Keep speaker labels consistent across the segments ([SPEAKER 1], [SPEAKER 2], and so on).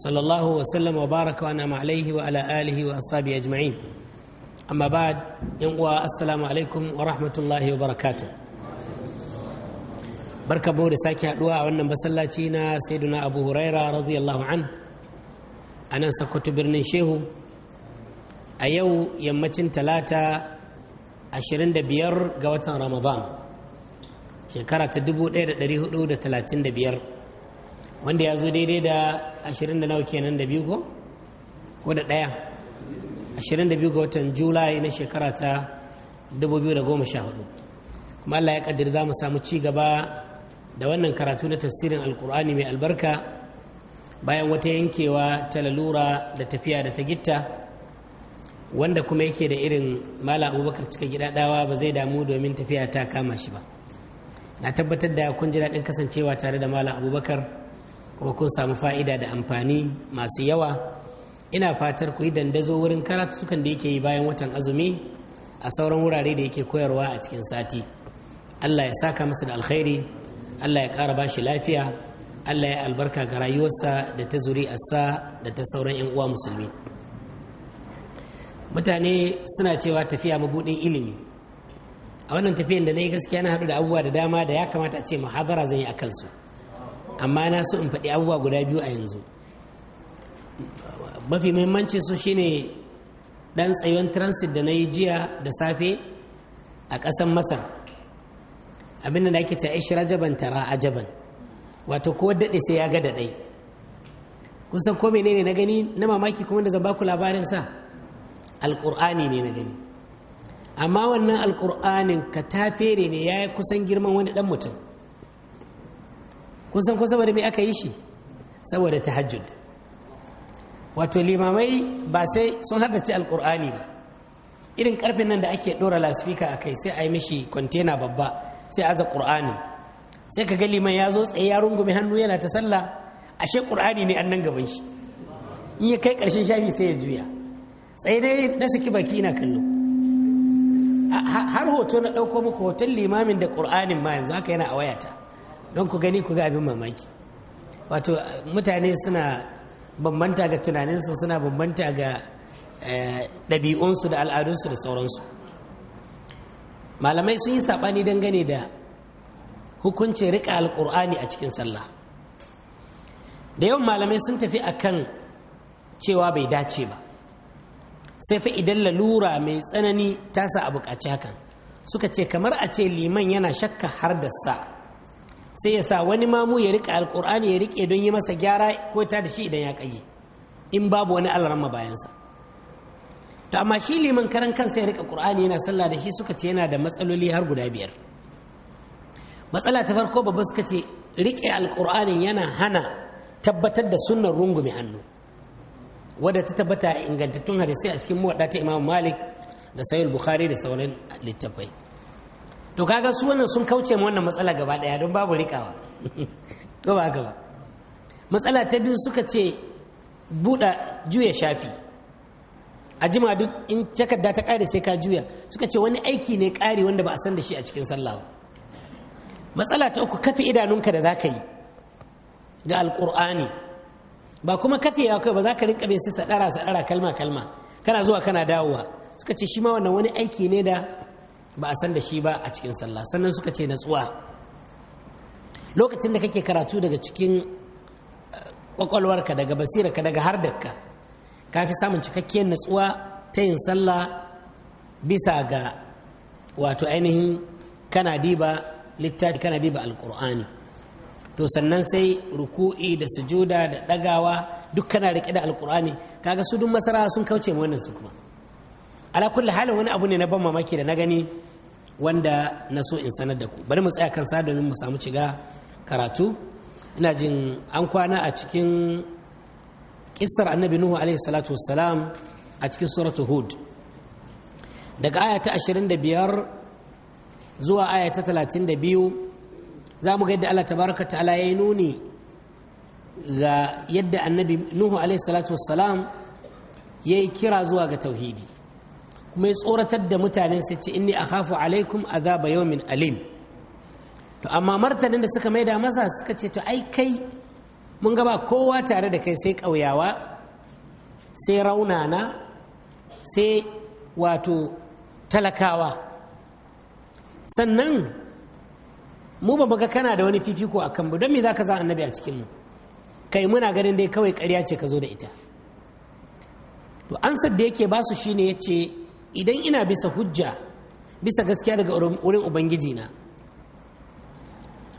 [SPEAKER 1] sallallahu wa sallam wa baraka wa nama alaihi wa ala alihi wa ashabi ajma'in amma ba'd yan uwa assalamu alaikum wa rahmatullahi wa barakatuh barka da sake haɗuwa a wannan masallaci na sayyiduna abu huraira radiyallahu an a nan sakkwato birnin shehu a yau yammacin talata 25 ga watan ramadan shekara ta biyar wanda ya zo daidai da ashirin da nawa kenan da biyu ko ko da ɗaya ashirin da biyu ga watan julai na shekara ta dubu biyu da goma sha hudu kuma allah ya za mu samu ci gaba da wannan karatu na tafsirin alkur'ani mai albarka bayan wata yankewa ta lalura da tafiya da ta gitta wanda kuma yake da irin mala abubakar cika gida dawa ba zai damu domin tafiya ta kama shi ba na tabbatar da kun ji daɗin kasancewa tare da mala abubakar kuma kun samu fa'ida da amfani masu yawa ina fatar ku yi dandazo wurin karatukan da yake yi bayan watan azumi a sauran wurare da yake koyarwa a cikin sati allah ya saka musu da alkhairi allah ya ƙara ba shi lafiya allah ya albarka ga rayuwarsa da ta zuri sa da ta sauran 'yan uwa musulmi mutane suna cewa tafiya mabuɗin ilimi a wannan tafiyan da na yi gaskiya na haɗu da abubuwa da dama da ya kamata a ce muhadara zan yi a kansu amma na so in faɗi abubuwa guda biyu a yanzu mafi muhimmanci su shine ɗan tsayon transit da na yi jiya da safe a ƙasar masar abin da ake ta rajaban tara ajaban wato ko daɗe sai ya ga ɗai kusan ko menene na gani na mamaki kuma da zan ku labarin sa alƙur'ani ne na gani amma wannan alƙur'anin ka tafere ne ya kusan girman wani ɗan mutum kun san ko saboda me aka yi shi saboda tahajjud wato limamai ba sai sun haddace alkur'ani ba irin karfin nan da ake dora lasfika a kai sai a yi mishi kwantena babba sai aza qur'ani sai ka ga liman ya zo tsaye ya rungume hannu yana ta sallah ashe qur'ani ne nan gaban shi in ya kai karshen shafi sai ya juya tsaye dai na saki baki ina kallo har hoto na ɗauko muku hoton limamin da qur'anin ma yanzu haka yana a wayata don ku gani ku ga abin mamaki wato mutane suna bambanta ga tunaninsu suna bambanta ga eh, ɗabi'unsu da al'adunsu da sauransu malamai sun yi saɓani dangane da hukuncin riƙa alƙur'ani a cikin sallah da yawan malamai sun tafi a kan cewa bai dace ba sai fa idan lalura mai tsanani ta sa a bukaci hakan suka ce kamar a ce liman yana shakka har da sa' sai ya sa wani mamu ya rika alkur'ani ya rike don yi masa gyara ko ta da shi idan ya kage in babu wani alarma bayansa to amma shi liman karan kansa ya rika qur'ani yana sallah da shi suka ce yana da matsaloli har guda biyar matsala ta farko babba suka ce rike alkur'anin yana hana tabbatar da sunnar rungume hannu wadda ta tabbata ingantattun hadisai a cikin muwadda ta imam malik da sayul bukhari da sauran littafai to kaga su wannan sun kauce mu wannan matsala gaba daya don babu rikawa ko ba gaba matsala ta biyu suka ce buɗa juya shafi a jima duk in takarda ta ƙare sai ka juya suka ce wani aiki ne ƙari wanda ba a san da shi a cikin sallah ba matsala ta uku kafi idanunka da za ka yi ga alƙur'ani ba kuma kafi ya kai ba za ka rinka bin su sadara sadara kalma kalma kana zuwa kana dawowa suka ce shi ma wannan wani aiki ne da ba a san da shi ba a cikin sallah sannan suka ce natsuwa lokacin da kake karatu daga cikin kwakwalwarka eh, daga basirarka daga hardarka ka fi samun cikakkiyar natsuwa ta yin sallah bisa ga wato ainihin kana diba littafi kana diba alkur'ani to sannan sai ruku'i da sujuda da ɗagawa duk kana riƙe da alkur'ani kaga su duk masara sun kauce wannan su kuma ala kulli halin wani abu ne na ban mamaki da na gani wanda na so in sanar da ku bari mu tsaya kan sa domin mu samu shiga karatu ina jin an kwana a cikin kissar annabi nuhu alaihi salatu wassalam a cikin suratu hud daga aya ta 25 zuwa aya ta 32 za mu ga yadda Allah tabaraka ta'ala ya yi nuni ga yadda annabi nuhu alaihi salatu wassalam ya yi kira zuwa ga tauhidi Mai tsoratar da mutanen su ce inni akhafu alaikum azaba yawmin alim to amma martanin da suka maida masa suka ce to ai kai mun ba kowa tare da kai sai kauyawa sai raunana sai wato talakawa sannan mu ba ga kana da wani fifiko a kan don me za ka za annabi a cikinmu kai muna ganin dai kawai karya ce ka zo da ita to ansar da yake basu shine ya ce idan ina bisa hujja bisa gaskiya daga wurin ubangiji na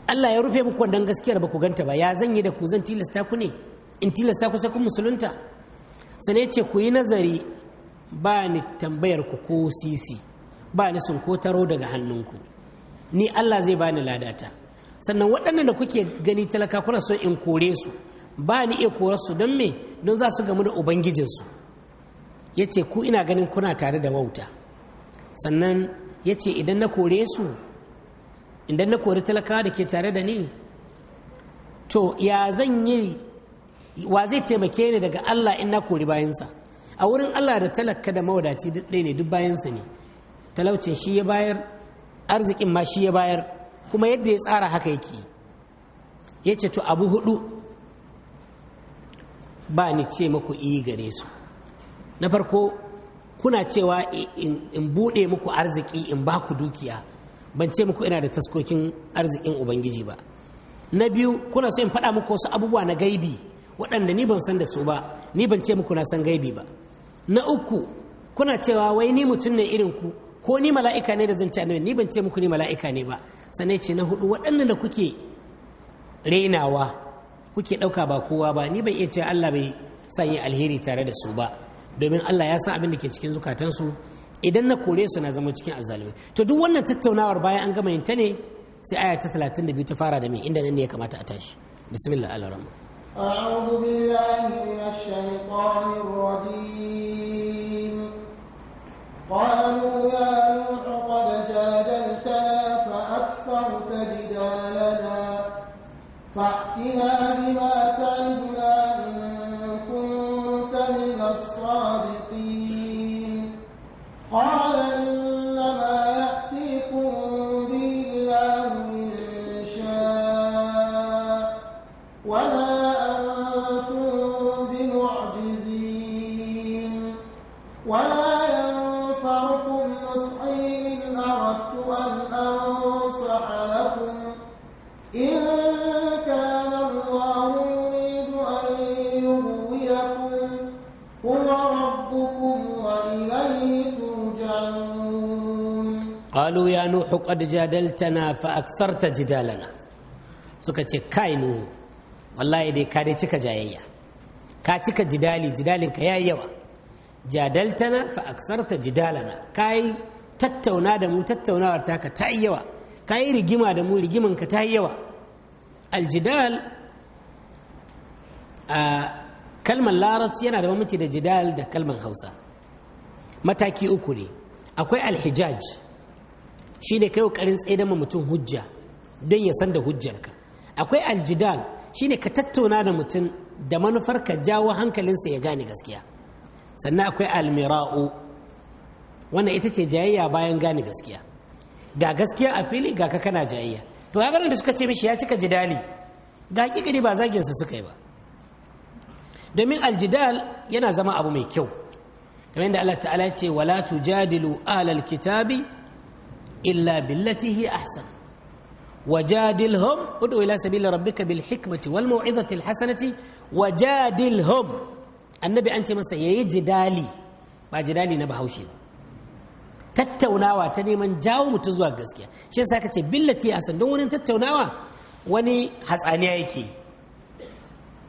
[SPEAKER 1] Allah ya rufe muku wannan gaskiyar ba ku ganta ba ya zan yi da ku zan tilasta ku ne in tilasta ku sai kun musulunta sai ce ku yi nazari ba ni tambayar ku ko sisi ba ni sun ko taro daga hannunku ni Allah zai ba ni ladata sannan waɗannan da kuke gani talaka kuna son in kore su ba ni iya korar su don me don za su gamu da ubangijinsu ya ce ku ina ganin kuna tare da wauta sannan ya ce idan na kore su idan na kori talakawa da ke tare da ni to ya zan yi wa zai taimake ni daga allah in na kori bayansa a wurin allah da talaka da mawadaci duk ɗaya ne duk bayansa ne talaucin shi ya bayar arzikin ma shi ya bayar kuma yadda ya tsara haka yake ya ce to abu hudu ba ni ce maku iya gare su na farko kuna cewa in buɗe muku arziki in ba ku dukiya ban ce muku ina da taskokin arzikin ubangiji ba na biyu kuna so in faɗa muku wasu abubuwa na gaibi waɗanda ni ban san da su ba ni ban ce muku na san gaibi ba na uku kuna cewa wai ni mutum ne irin ku ko ni mala'ika ne da zan ci annabi ni ban ce muku ni mala'ika ne ba sannan ce na hudu waɗannan da kuke rainawa kuke ɗauka ba kowa ba ni ban iya ce Allah bai sanya alheri tare da su ba domin Allah ya san abin da ke cikin zukatansu idan na kore su na zama cikin azzalumai to duk wannan tattaunawar bayan an gama yin ta ne sai aya ta 32 ta fara da mai inda nan ne ya kamata a tashi bismillah al-rahman
[SPEAKER 2] أعوذ بالله من الشيطان الرجيم قالوا يا نوح قد جادلتنا فأكثرت جدالنا فأتنا بما تعلم قال
[SPEAKER 1] قالوا ya nuhu قد jadaltana fa aksarta suka ce kai nuhu wallahi dai ka dai cika jayayya ka cika jidali jidalin ka yayi yawa jadaltana fa aksarta jidalana kai tattauna da mu tattaunawar taka ta yi yawa ka yi rigima da mu rigiman ka ta yi yawa aljidal a kalmar larabci yana da mamaci da jidal da kalmar hausa mataki uku ne akwai alhijaj Shi ne kai kokarin tsaye ma mutum hujja don ya san da hujjarka akwai aljidal ne ka tattauna da mutum da manufar ka jawo hankalinsa ya gane gaskiya sannan akwai almira'u wannan ita ce jayayya bayan gane gaskiya ga gaskiya a fili ga ka kana jayayya to ga da suka ce mishi ya cika jidali ga kikiri ba zaginsa suka yi ba domin aljidal yana zama abu mai kyau kamar yadda Allah ta'ala ce wala tujadilu ahlal kitabi illa billati da ahsan wajadilhum ud'u ila sabili rabbika bil hikmati wal mau'izati al hasanati wajadilhum annabi an ce masa yayi jidali ba jidali na bahaushe ba tattaunawa ta neman jawo mutum zuwa gaskiya shi kace ka ce billati ahsan don wani tattaunawa wani hatsaniya yake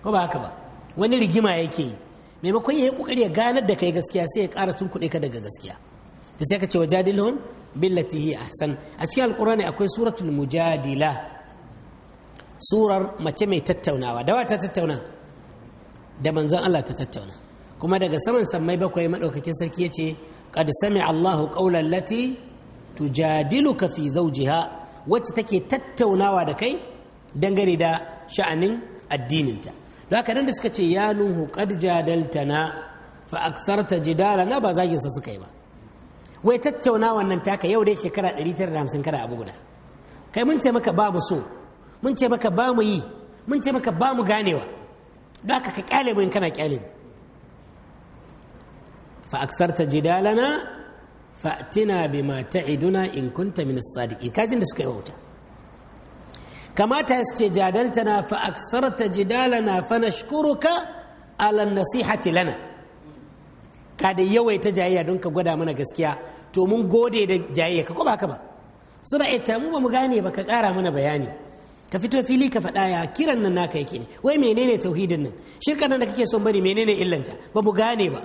[SPEAKER 1] ko ba haka wani rigima yake yi maimakon ya yi kokari ya ganar da kai gaskiya sai ya ƙara tunkuɗe ka daga gaskiya da sai ka ce wa jadilhum billati hi ahsan a cikin alqur'ani akwai suratul mujadila surar mace mai tattaunawa dawa ta tattauna da manzon Allah ta tattauna kuma daga saman sammai bakwai madaukakin sarki yace qad sami'a Allahu qawlan lati tujadiluka fi zawjiha wacce take tattaunawa da kai dangane da sha'anin addininta da haka nan da suka ce ya nuhu qad jadaltana fa aksarta na ba zagin sa suka yi ba wai tattauna wannan taka yau dai shekara 950 kada abu guda kai mun ce maka ba mu so mun ce maka ba mu yi mun ce maka ba mu ganewa don haka ka kyale mu in kana kyale mu fa aksarta jidalana fa tina bima ta'iduna in kunta min as-sadiqin kajin da suka yi wauta kamata ya ce jadaltana fa aksarta jidalana fa nashkuruka ala nasihati lana ka da yawaita jayayya don ka gwada mana gaskiya to mun gode da jayayya ka ko ba ka ba suna iya mu ba mu gane ba ka kara mana bayani ka fito fili ka faɗa ya kiran nan naka yake ne wai menene tauhidin nan shirka nan da kake son bari menene illanta ba mu gane ba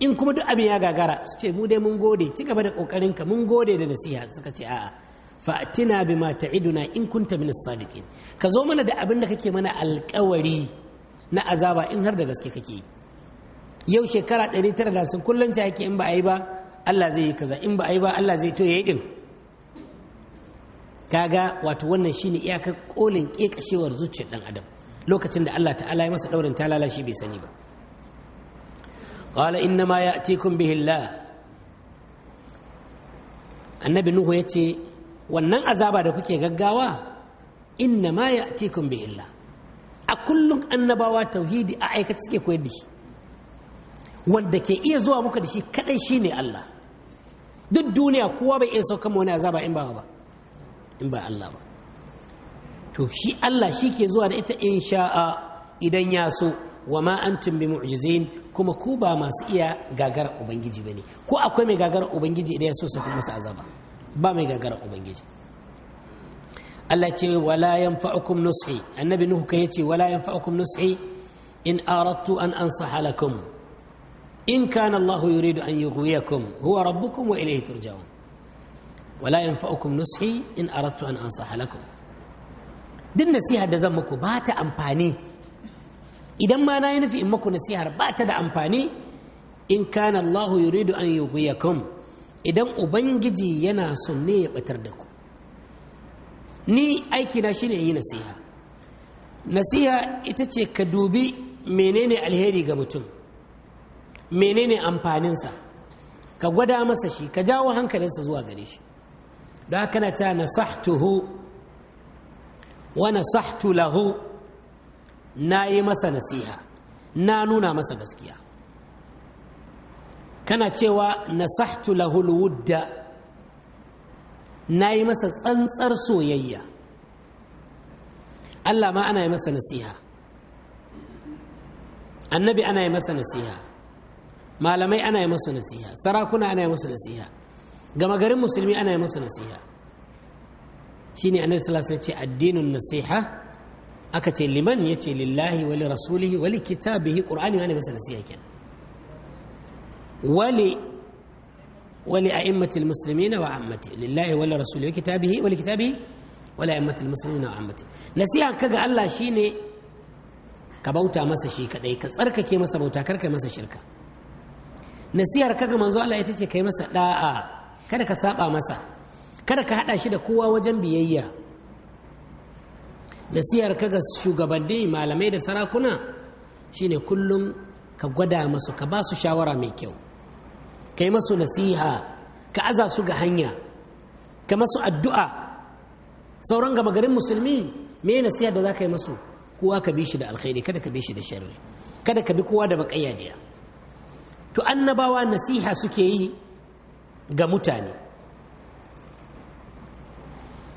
[SPEAKER 1] in kuma duk abin ya gagara su ce mu dai mun gode ci gaba da kokarin ka mun gode da nasiha suka ce a'a fa'tina bima ta'iduna in kunta min sadiqin ka zo mana da abin da kake mana alƙawari na azaba in har da gaske kake yi yau shekara 950 kullum ci yake in ba a yi ba Allah zai yi kaza in ba a yi ba Allah zai to ya yi din kaga wato wannan shine iyakar kolin kekashewar zuciyar dan adam lokacin da Allah ta'ala ya masa daurin ta lalashi bai sani ba qala inna ma ya'tikum bihi Allah annabi nuhu yace wannan azaba da kuke gaggawa inna ma ya'tikum bihi Allah a kullum annabawa tauhidi a aikata suke koyar da shi wanda ke iya zuwa muka da shi kadai ne Allah duk duniya kowa bai iya saukan wani azaba in ba ba in ba Allah ba to shi Allah shi ke zuwa da ita in sha'a idan ya so wa ma antum bi mu'jizin kuma ku ba masu iya gagara ubangiji bane ko akwai mai gagara ubangiji idan ya so sai masa azaba ba mai gagara ubangiji Allah ce wala yanfa'ukum nushi annabi nuhu kai ce wala yanfa'ukum nushi in aradtu an ansaha lakum إن كان الله يريد أن يغويكم هو ربكم وإليه ترجعون ولا ينفعكم نصحي إن أردت أن أنصح لكم duk nasihar da zan muku bata amfani idan ma na yi nufi in muku nasihar bata da amfani in kana Allahu yuridu an yughwiyakum idan ubangiji yana son ne ya batar da ku ni aikina shine in yi nasiha nasiha ita ce ka dubi menene alheri ga mutum menene amfaninsa ka gwada masa shi ka jawo hankalinsa zuwa gare shi don haka na ta nasahtuhu wa nasahtu lahu na yi masa nasiha na nuna masa gaskiya kana cewa nasahtu lahu wudda na yi masa tsantsar soyayya Allah ma ana yi masa nasiha annabi ana yi masa nasiha malamai ana yi musu nasiha sarakuna ana yi musu nasiha gama garin musulmi ana yi musu nasiha shine annabi sallallahu alaihi wasallam ce addinin nasiha aka ce liman yace ce lillahi wali rasulihi wali kitabihi qur'ani ana masa nasiha kenan wali wali a'immatil muslimina wa ammati lillahi wali rasulihi wa kitabihi wali kitabihi wali a'immatil muslimina wa ammati nasiha kaga Allah shine ka bauta masa shi kadai ka tsarkake masa bauta karka masa shirka nasihar kaga manzo Allah ita ce kai masa da'a kada ka saba masa kada ka hada shi da kowa wajen biyayya nasihar kaga shugabanni malamai da sarakuna shine kullum ka gwada masu ka ba su shawara mai kyau kai masu nasiha ka aza su ga hanya ka masu addu'a sauran gama garin musulmi me nasiha da za ka yi masu kowa ka bi shi da alkhairi kada ka bi shi da sharri kada ka bi kowa da bakayya to annabawa nasiha suke yi ga mutane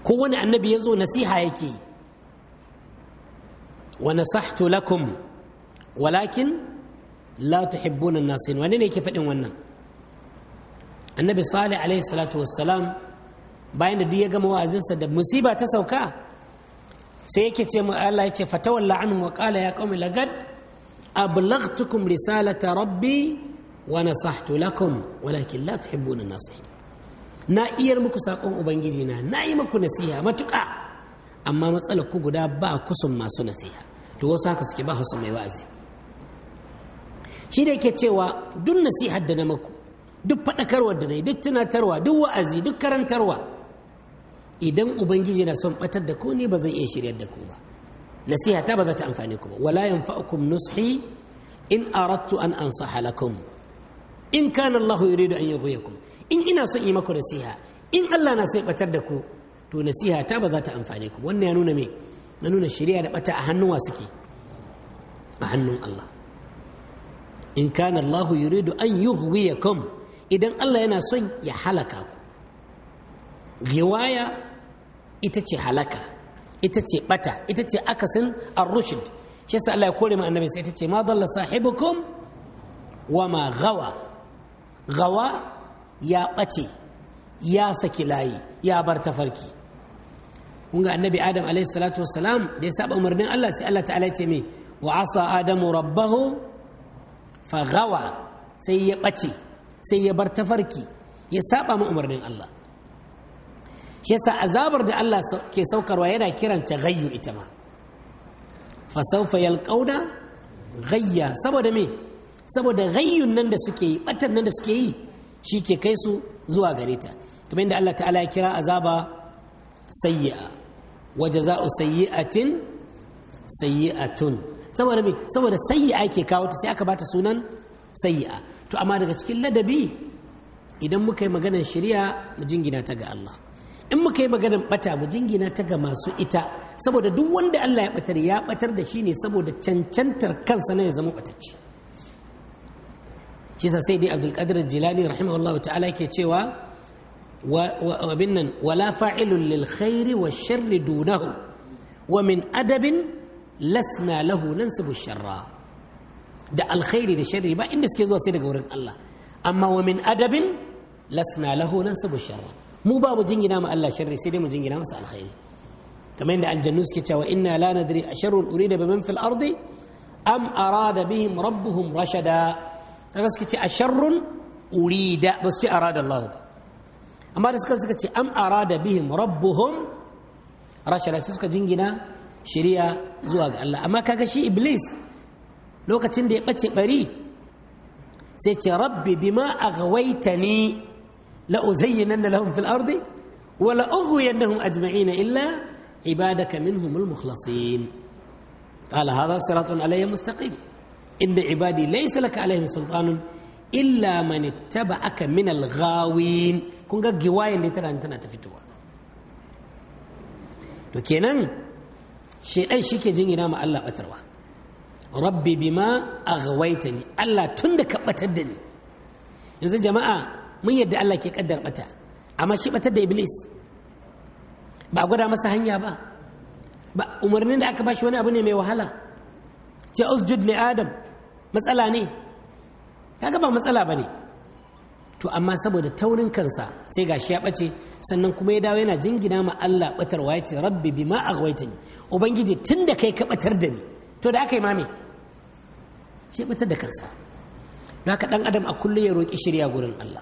[SPEAKER 1] kowane annabi ya zo nasiha yake yi wa nasahtu lakum walakin la tuhibbuna nasihin wani ne yake faɗin wannan annabi salih alaihi salatu wassalam bayan da duk ya gama wa'azinsa da musiba ta sauka sai yake ce mu Allah ya ce fatawalla anhum wa qala ya qaumi lagad ablaghtukum risalata rabbi wa nasahtu lakum walakin la tuhibbuna na iyar muku saƙon ubangiji na na yi muku nasiha matuƙa amma matsalar ku guda ba kusan masu nasiha to wasu haka suke ba su mai wa'azi shi da yake cewa duk nasihar da na maku duk faɗakarwar da na yi duk tunatarwa duk wa'azi duk karantarwa idan ubangiji na son ɓatar da ku ne ba zan iya shiryar da ku ba nasiha ta ba za ta amfani ku ba wala yanfa'ukum nushi in aradtu an ansaha lakum in kana Allah yuridu an yaghwiyakum in ina son yi maku nasiha in Allah na sai batar da ku to nasiha ta ba za ta amfane ku wannan ya nuna me na nuna shari'a da bata a hannun wa suke a hannun Allah in kana Allah yuridu an yughwiyakum idan Allah yana son ya halaka ku riwaya ita ce halaka ita ce bata ita ce akasin ar-rushd shi yasa Allah ya kore mu annabi sai ita ce ma dalla sahibukum wa ma gawa gawa ya ɓace ya saki layi ya bar tafarki kun ga annabi adam alaihi salatu wassalam da ya saba umarnin Allah sai Allah ta'ala ce me wa asa adamu rabbahu fa gawa sai ya ɓace sai ya bar tafarki ya saba ma umarnin Allah shi yasa azabar da Allah ke saukarwa yana kiranta gayyu ita ma fa sawfa yalqauna gayya saboda me saboda ghayyun nan da suke yi batan nan da suke yi shi ke kai su zuwa gare ta kuma inda Allah ta'ala ya kira azaba sayyi'a wa jaza'u sayyi'atin sayyi'atun saboda me saboda sayyi'a ke kawo ta sai aka bata sunan sayyi'a to amma daga cikin ladabi idan muka yi maganar shari'a mu jingina ta ga Allah in muka yi maganar bata mu jingina ta ga masu ita saboda duk wanda Allah ya batar ya batar da shi ne saboda cancantar kansa na ya zama batacce shi sa sai dai abdulkadir jilani rahimahullahu ta'ala ke cewa abin nan wala fa'ilun lil khairi wa sharri dunahu wa min adabin lasna lahu nansibu sharra da alkhairi da sharri ba inda suke zuwa sai daga wurin Allah amma wa min adabin lasna lahu nansibu sharra mu babu jingina ma Allah sharri sai dai mu jingina masa alkhairi kamar yadda aljannu suke cewa inna la nadri asharrun urida man fil ardi am arada bihim rabbuhum rashada أشر أريد بس أراد الله أما رسكس أم أراد بهم ربهم رشا رسكس كجنجنا شريا زواج الله أما كاكشي إبليس لو كتن دي قتي مري سيتي ربي بما أغويتني لأزينن لهم في الأرض ولا أغوينهم أجمعين إلا عبادك منهم المخلصين قال هذا صراط علي مستقيم inda ibadi laysa laka alaihim sultanun illa man ittaba'aka min al-ghawin kun ga giwayen da tana tana ta fitowa to kenan shedan shike jingina ma Allah batarwa rabbi bima aghwaytani Allah tunda ka batar ni yanzu jama'a mun yadda Allah ke kaddar bata amma shi batar da iblis ba a gwada masa hanya ba ba umarnin da aka bashi wani abu ne mai wahala ce usjud li adam matsala ne kaga ba matsala ba ne to amma saboda taurin kansa sai gashi ya ɓace sannan kuma ya dawo yana jingina ma Allah ɓatarwa ya ce rabbi bi ma aghwaytani ubangiji tun da kai ka batar da ni to da aka yi mame shi batar da kansa haka ɗan adam a kullum ya roƙi shirya gurin Allah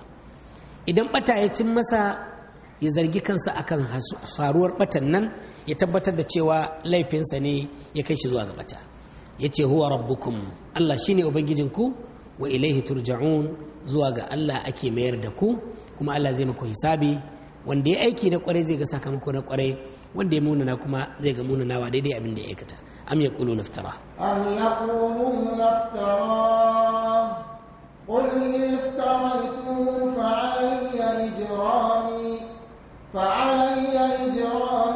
[SPEAKER 1] idan bata ya cin masa ya zargi kansa akan faruwar ɓatan nan ya tabbatar da cewa laifinsa ne ya kai shi zuwa ga ɓata ya yace huwa rabbukum Allah shine ubangijinku wa ilaihi turja'un zuwa ga Allah ake mayar da ku kuma Allah zai muku hisabi wanda ya aiki na kwarai zai ga sakamako na kwarai wanda ya munana kuma zai ga munanawa daidai abin da ya aikata am yaqulu naftara
[SPEAKER 2] am yaqulu naftara قل إن فعلي إجرامي فعلي إجرامي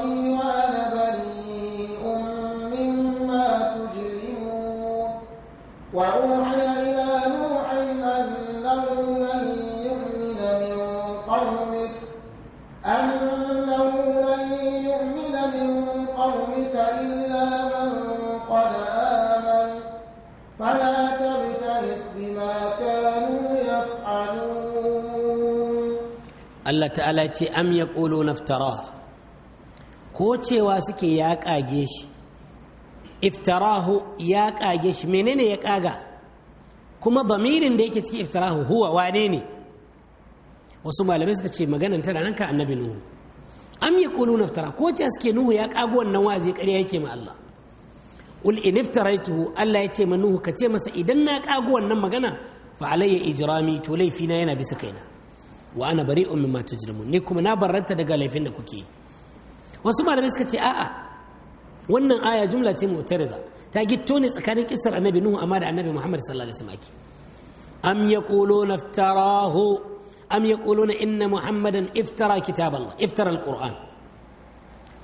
[SPEAKER 1] Allah ta'ala ce am ya ƙolo naftara ko cewa suke ya ƙage shi iftarahu ya ƙage shi menene ya ƙaga kuma damirin da yake ciki iftarahu huwa wane ne wasu malamai suka ce maganan tana nan ka annabi nuhu am ya ƙolo naftara ko cewa suke nuhu ya ƙago wannan wazi ƙarya yake ma Allah ul in tuhu Allah ya ce ma nuhu ka ce masa idan na ƙago wannan magana fa alayya ijrami to laifina yana bisa kaina wa ana bari'un mimma tujrimun ni kuma na barranta daga laifin da kuke wasu malamai suka ce a'a wannan aya jumla ce mu'tarida ta gitto ne tsakanin kisar annabi nuhu amma da annabi muhammad sallallahu alaihi am yaquluna iftarahu am inna muhammadan iftara kitaballah iftara alquran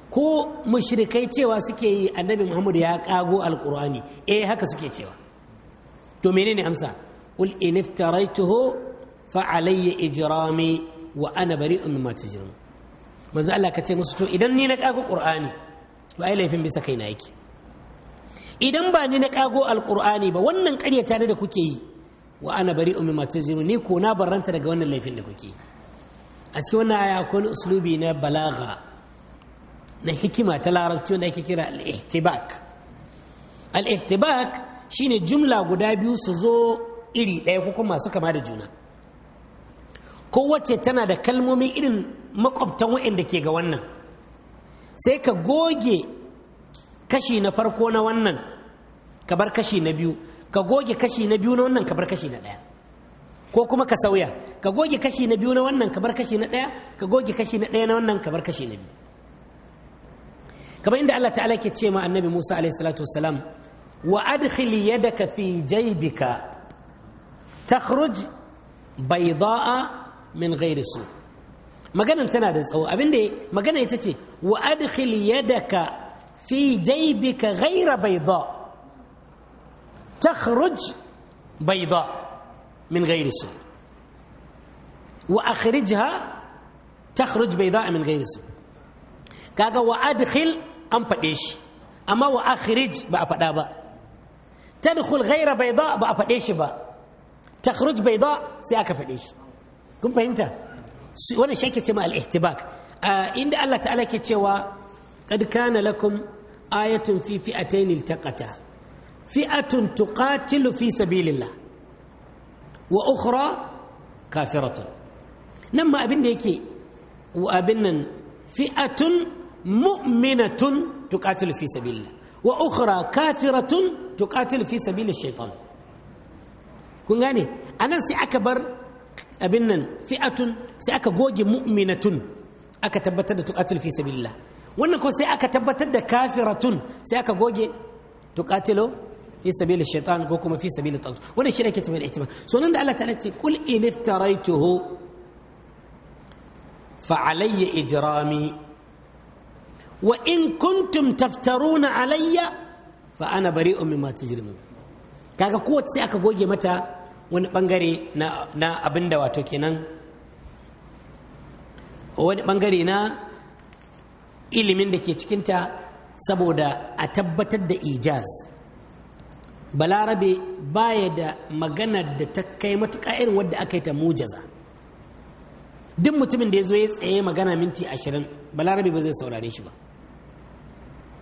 [SPEAKER 1] ko mushrikai cewa suke yi annabi muhammad ya kago alqurani eh haka suke cewa to menene amsa qul in iftaraituhu fa alayya ijrami wa ana in manzo Allah ka ce musu to idan ni na kago qur'ani ba ai laifin bisa kaina yake idan ba ni na kago Al-Qur'ani ba wannan tare da kuke yi wa ana bari bari'un mimma tujrim ni ko na barranta daga wannan laifin da kuke a cikin wannan aya akwai uslubi na balaga na hikima ta larabci wanda ake kira al-ihtibak al-ihtibak shine jumla guda biyu su zo iri ɗaya ko kuma su kama da juna kowace tana da kalmomi irin makwabtan waɗanda ke ga wannan sai ka goge kashi na farko na wannan ka bar kashi na biyu ka goge kashi na biyu na wannan ka bar kashi na ɗaya ko kuma ka sauya ka goge kashi na biyu na wannan ka bar kashi na ɗaya ka goge kashi na ɗaya na wannan ka bar kashi na biyu kamar inda Allah ta'ala ke ce ma annabi Musa alaihi salatu wassalam wa adkhil yadaka fi jaybika takhruj bayda'a min ghairi su maganan tana da tsawo abinda magana ita ce wa adkhil yadaka fi jaybika ghaira bayda takhruj bayda min ghairi su wa akhrijha takhruj bayda min ghairi su kaga wa adkhil an fade shi amma wa akhrij ba a fada ba tadkhul ghaira bayda ba a fade shi ba takhruj bayda sai aka fade shi kun fahimta wani shi ake ce ma inda Allah ta'ala ke cewa qad lakum ayatun fi fi'atayn iltaqata fi'atun tuqatilu fi sabilillah wa ukhra kafiratun nan ma abin da yake wa abin nan fi'atun mu'minatun tuqatilu fi sabilillah wa ukhra kafiratun tuqatilu fi sabilish shaitan kun gane anan sai aka bar abin nan fi'atun sai aka goge mu'minatun aka tabbatar da tuqatul fi sabilillah wannan ko sai aka tabbatar da kafiratun sai aka goge tuqatilu fi sabilish shaitan ko kuma fi sabilit tagut wannan shi ne ke ake cewa ihtimal so nan da Allah ta'ala ce qul in iftaraituhu fa alayya ijrami wa in kuntum taftaruna alayya fa ana bari'un mimma tujrimun kaga kowace sai aka goge mata wani bangare na abin da wato kenan wani bangare na ilimin da ke cikinta saboda a tabbatar da ijaz balarabe baya da maganar da ta kai matuƙa irin wadda aka yi ta mujaza duk mutumin da ya zo ya tsaye magana minti ashirin balarabe ba zai saurare shi ba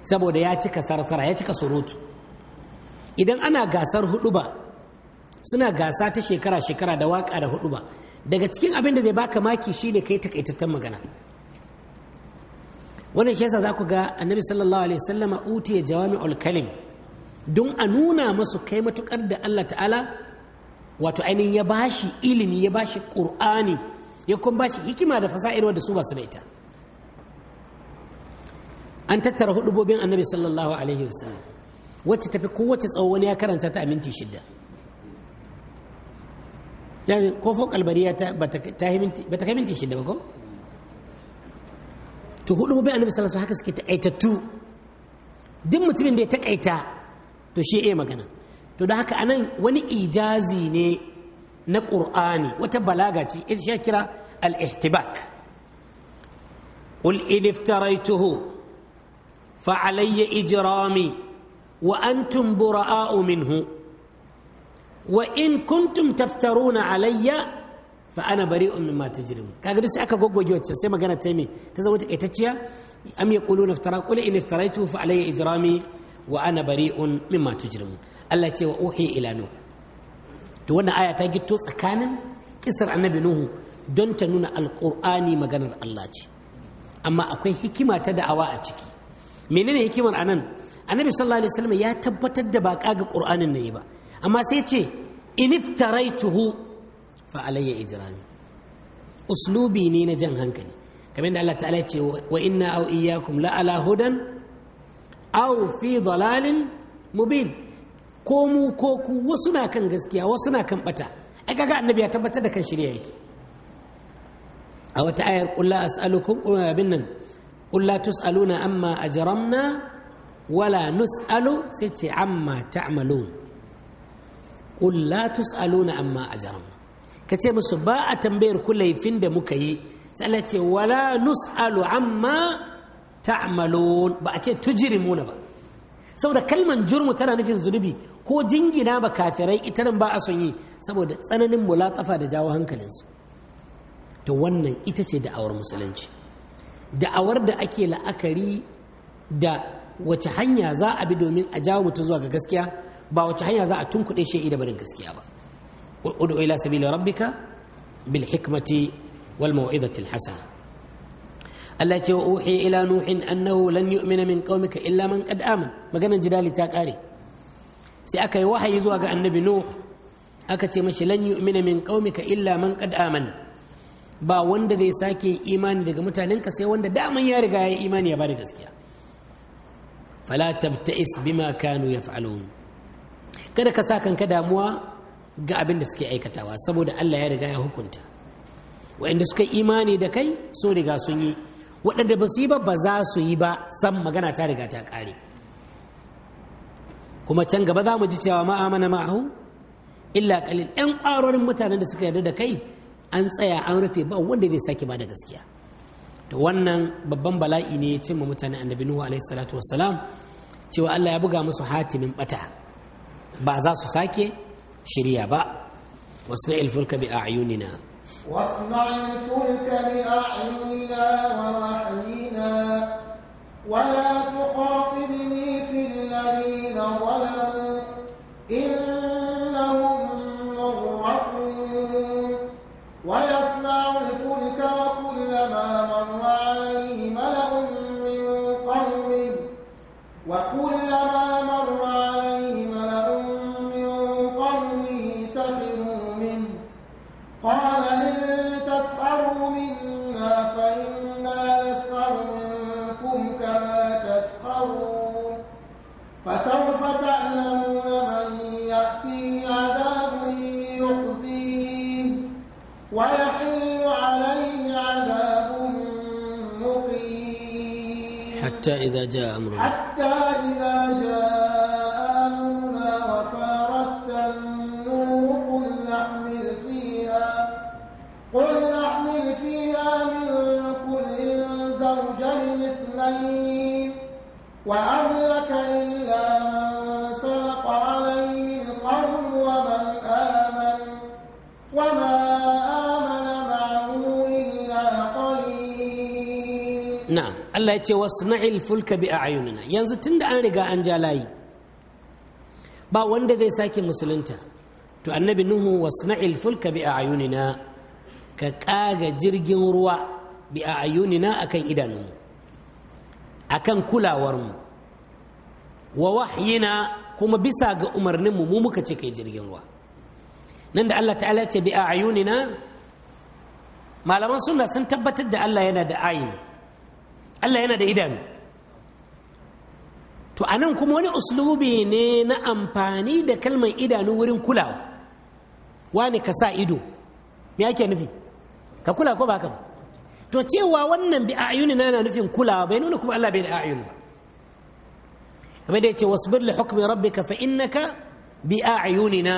[SPEAKER 1] saboda ya cika sarasara ya cika surutu idan ana gasar hudu ba suna gasa ta shekara-shekara da waka da hudu ba daga cikin abin da zai baka maki shine kai takaitattun magana wannan shi yasa za ku ga annabi sallallahu alaihi wasallama ya jawami'ul kalim don a nuna masu kai matukar da Allah ta'ala wato ainihin ya bashi ilimi ya bashi qur'ani ya kuma bashi hikima da fasa'ir da su ba su da ita an tattara hudubobin annabi sallallahu alaihi wasallam wacce tafi kowace tsawo wani ya karanta ta a minti shidda ko fokal bariya ta bata kai minti shida ba ko to hudu bai annabi sallallahu haka suke takaitattu duk mutumin da ya takaita to shi ya magana to da haka anan wani ijazi ne na qur'ani wata balaga ce ita shi kira al-ihtibak قل إن افتريته فعلي إجرامي وأنتم براء منه wa in kuntum taftaruna alayya fa ana bari'un mimma tajrimun kaga duk aka goggoge wacce sai magana ta me ta zama takaitacciya am yaquluna iftara qul in iftaraitu fa alayya ijrami wa ana bari'un mimma tujrimun Allah ce wa uhi ila to wannan aya ta gito tsakanin kisar annabi nuhu don ta nuna alqur'ani maganar Allah ce amma akwai hikima ta da'awa a ciki menene hikimar anan annabi sallallahu alaihi wasallam ya tabbatar da ba kaga qur'anin yi ba amma sai ce in tuhu fa alayya ijrami uslubi ne na jan hankali kamar da Allah ta'ala ya ce wa inna aw iyyakum la ala hudan aw fi dalalin mubin ko mu ko ku wasu na kan gaskiya wasu na kan bata ai kaga annabi ya tabbatar da kan shirya yake a wata ayar kullu as'alukum abin nan qul tus'aluna amma ajramna wala nus'alu sai ce amma ta'malun qul la tusaluna amma ajramna kace musu ba a tambayar ku laifin da muka yi sai ce wala nusalu amma ta'malun ba a ce tujrimuna ba saboda kalman jurmu tana nufin zunubi ko jingina ba kafirai ita nan ba a son yi saboda tsananin mulatafa da jawo hankalinsu to wannan ita ce da'awar musulunci da'awar da ake la'akari da wace hanya za a bi domin a jawo ta zuwa ga gaskiya ba wace hanya za a tunkuɗe shi da barin gaskiya ba ud'u ila sabila rabbika bil hikmati wal mau'izati al hasana Allah ce wa uhi ila nuhin annahu lan yu'mina min qaumika illa man qad aman maganar jidali ta kare sai aka yi wahayi zuwa ga annabi nuh aka ce mashi lan yu'mina min qaumika illa man qad aman ba wanda zai sake imani daga mutanenka sai wanda daman ya riga ya imani ya bada gaskiya fala tabta'is bima kanu yaf'alun kada ka sa kanka damuwa ga abin da suke aikatawa saboda Allah ya riga ya hukunta waɗanda suka imani da kai so riga sun yi waɗanda ba su yi ba ba za su yi ba san magana ta riga ta ƙare kuma can gaba za mu ji cewa ma'amana ma'ahu illa kalil ɗan ƙwarorin mutanen da suka yarda da kai an tsaya an rufe ba wanda zai sake ba da gaskiya to wannan babban bala'i ne ya cimma mutane annabi nuhu alaihi salatu wassalam cewa Allah ya buga musu hatimin bata ba za su sake shirya ba wasu ilfulka bi a'yunina
[SPEAKER 2] الفلك بأعيننا ووحينا ولا تخاطبني في الذين ظلموا إنهم مغرقون ويصنع الفلك وكلما مر عليه ملأ من قومه وكل
[SPEAKER 1] حتى إذا جاء أمرنا
[SPEAKER 2] حتى إذا جاء أمرنا وفارت النور قل نحمل فيها قل نحمل فيها من كل زوجين اثنين وأهل
[SPEAKER 1] Allah ya ce na'il fulka bi a a'yunina yanzu tun da an riga an ja layi ba wanda zai sake musulunta to annabi nuhu na'il fulka bi a a'yunina ka kaga jirgin ruwa bi a a'yunina akan idanunmu akan kulawarmu wa wahyina kuma bisa ga umarninmu mu muka ce kai jirgin ruwa nan da Allah ta'ala ce bi a a'yunina malaman suna sun tabbatar da Allah yana da ayin Allah yana da idanu to a nan kuma wani uslubi ne na amfani da kalmar idanu wurin kulawa wani ka sa ido me ake nufi ka kula ko ba ka ba to cewa wannan bi ayuni na nufin kulawa bai nuna kuma Allah bai da ayuni ba kamar da yace wasbir li hukmi rabbika fa innaka bi ayunina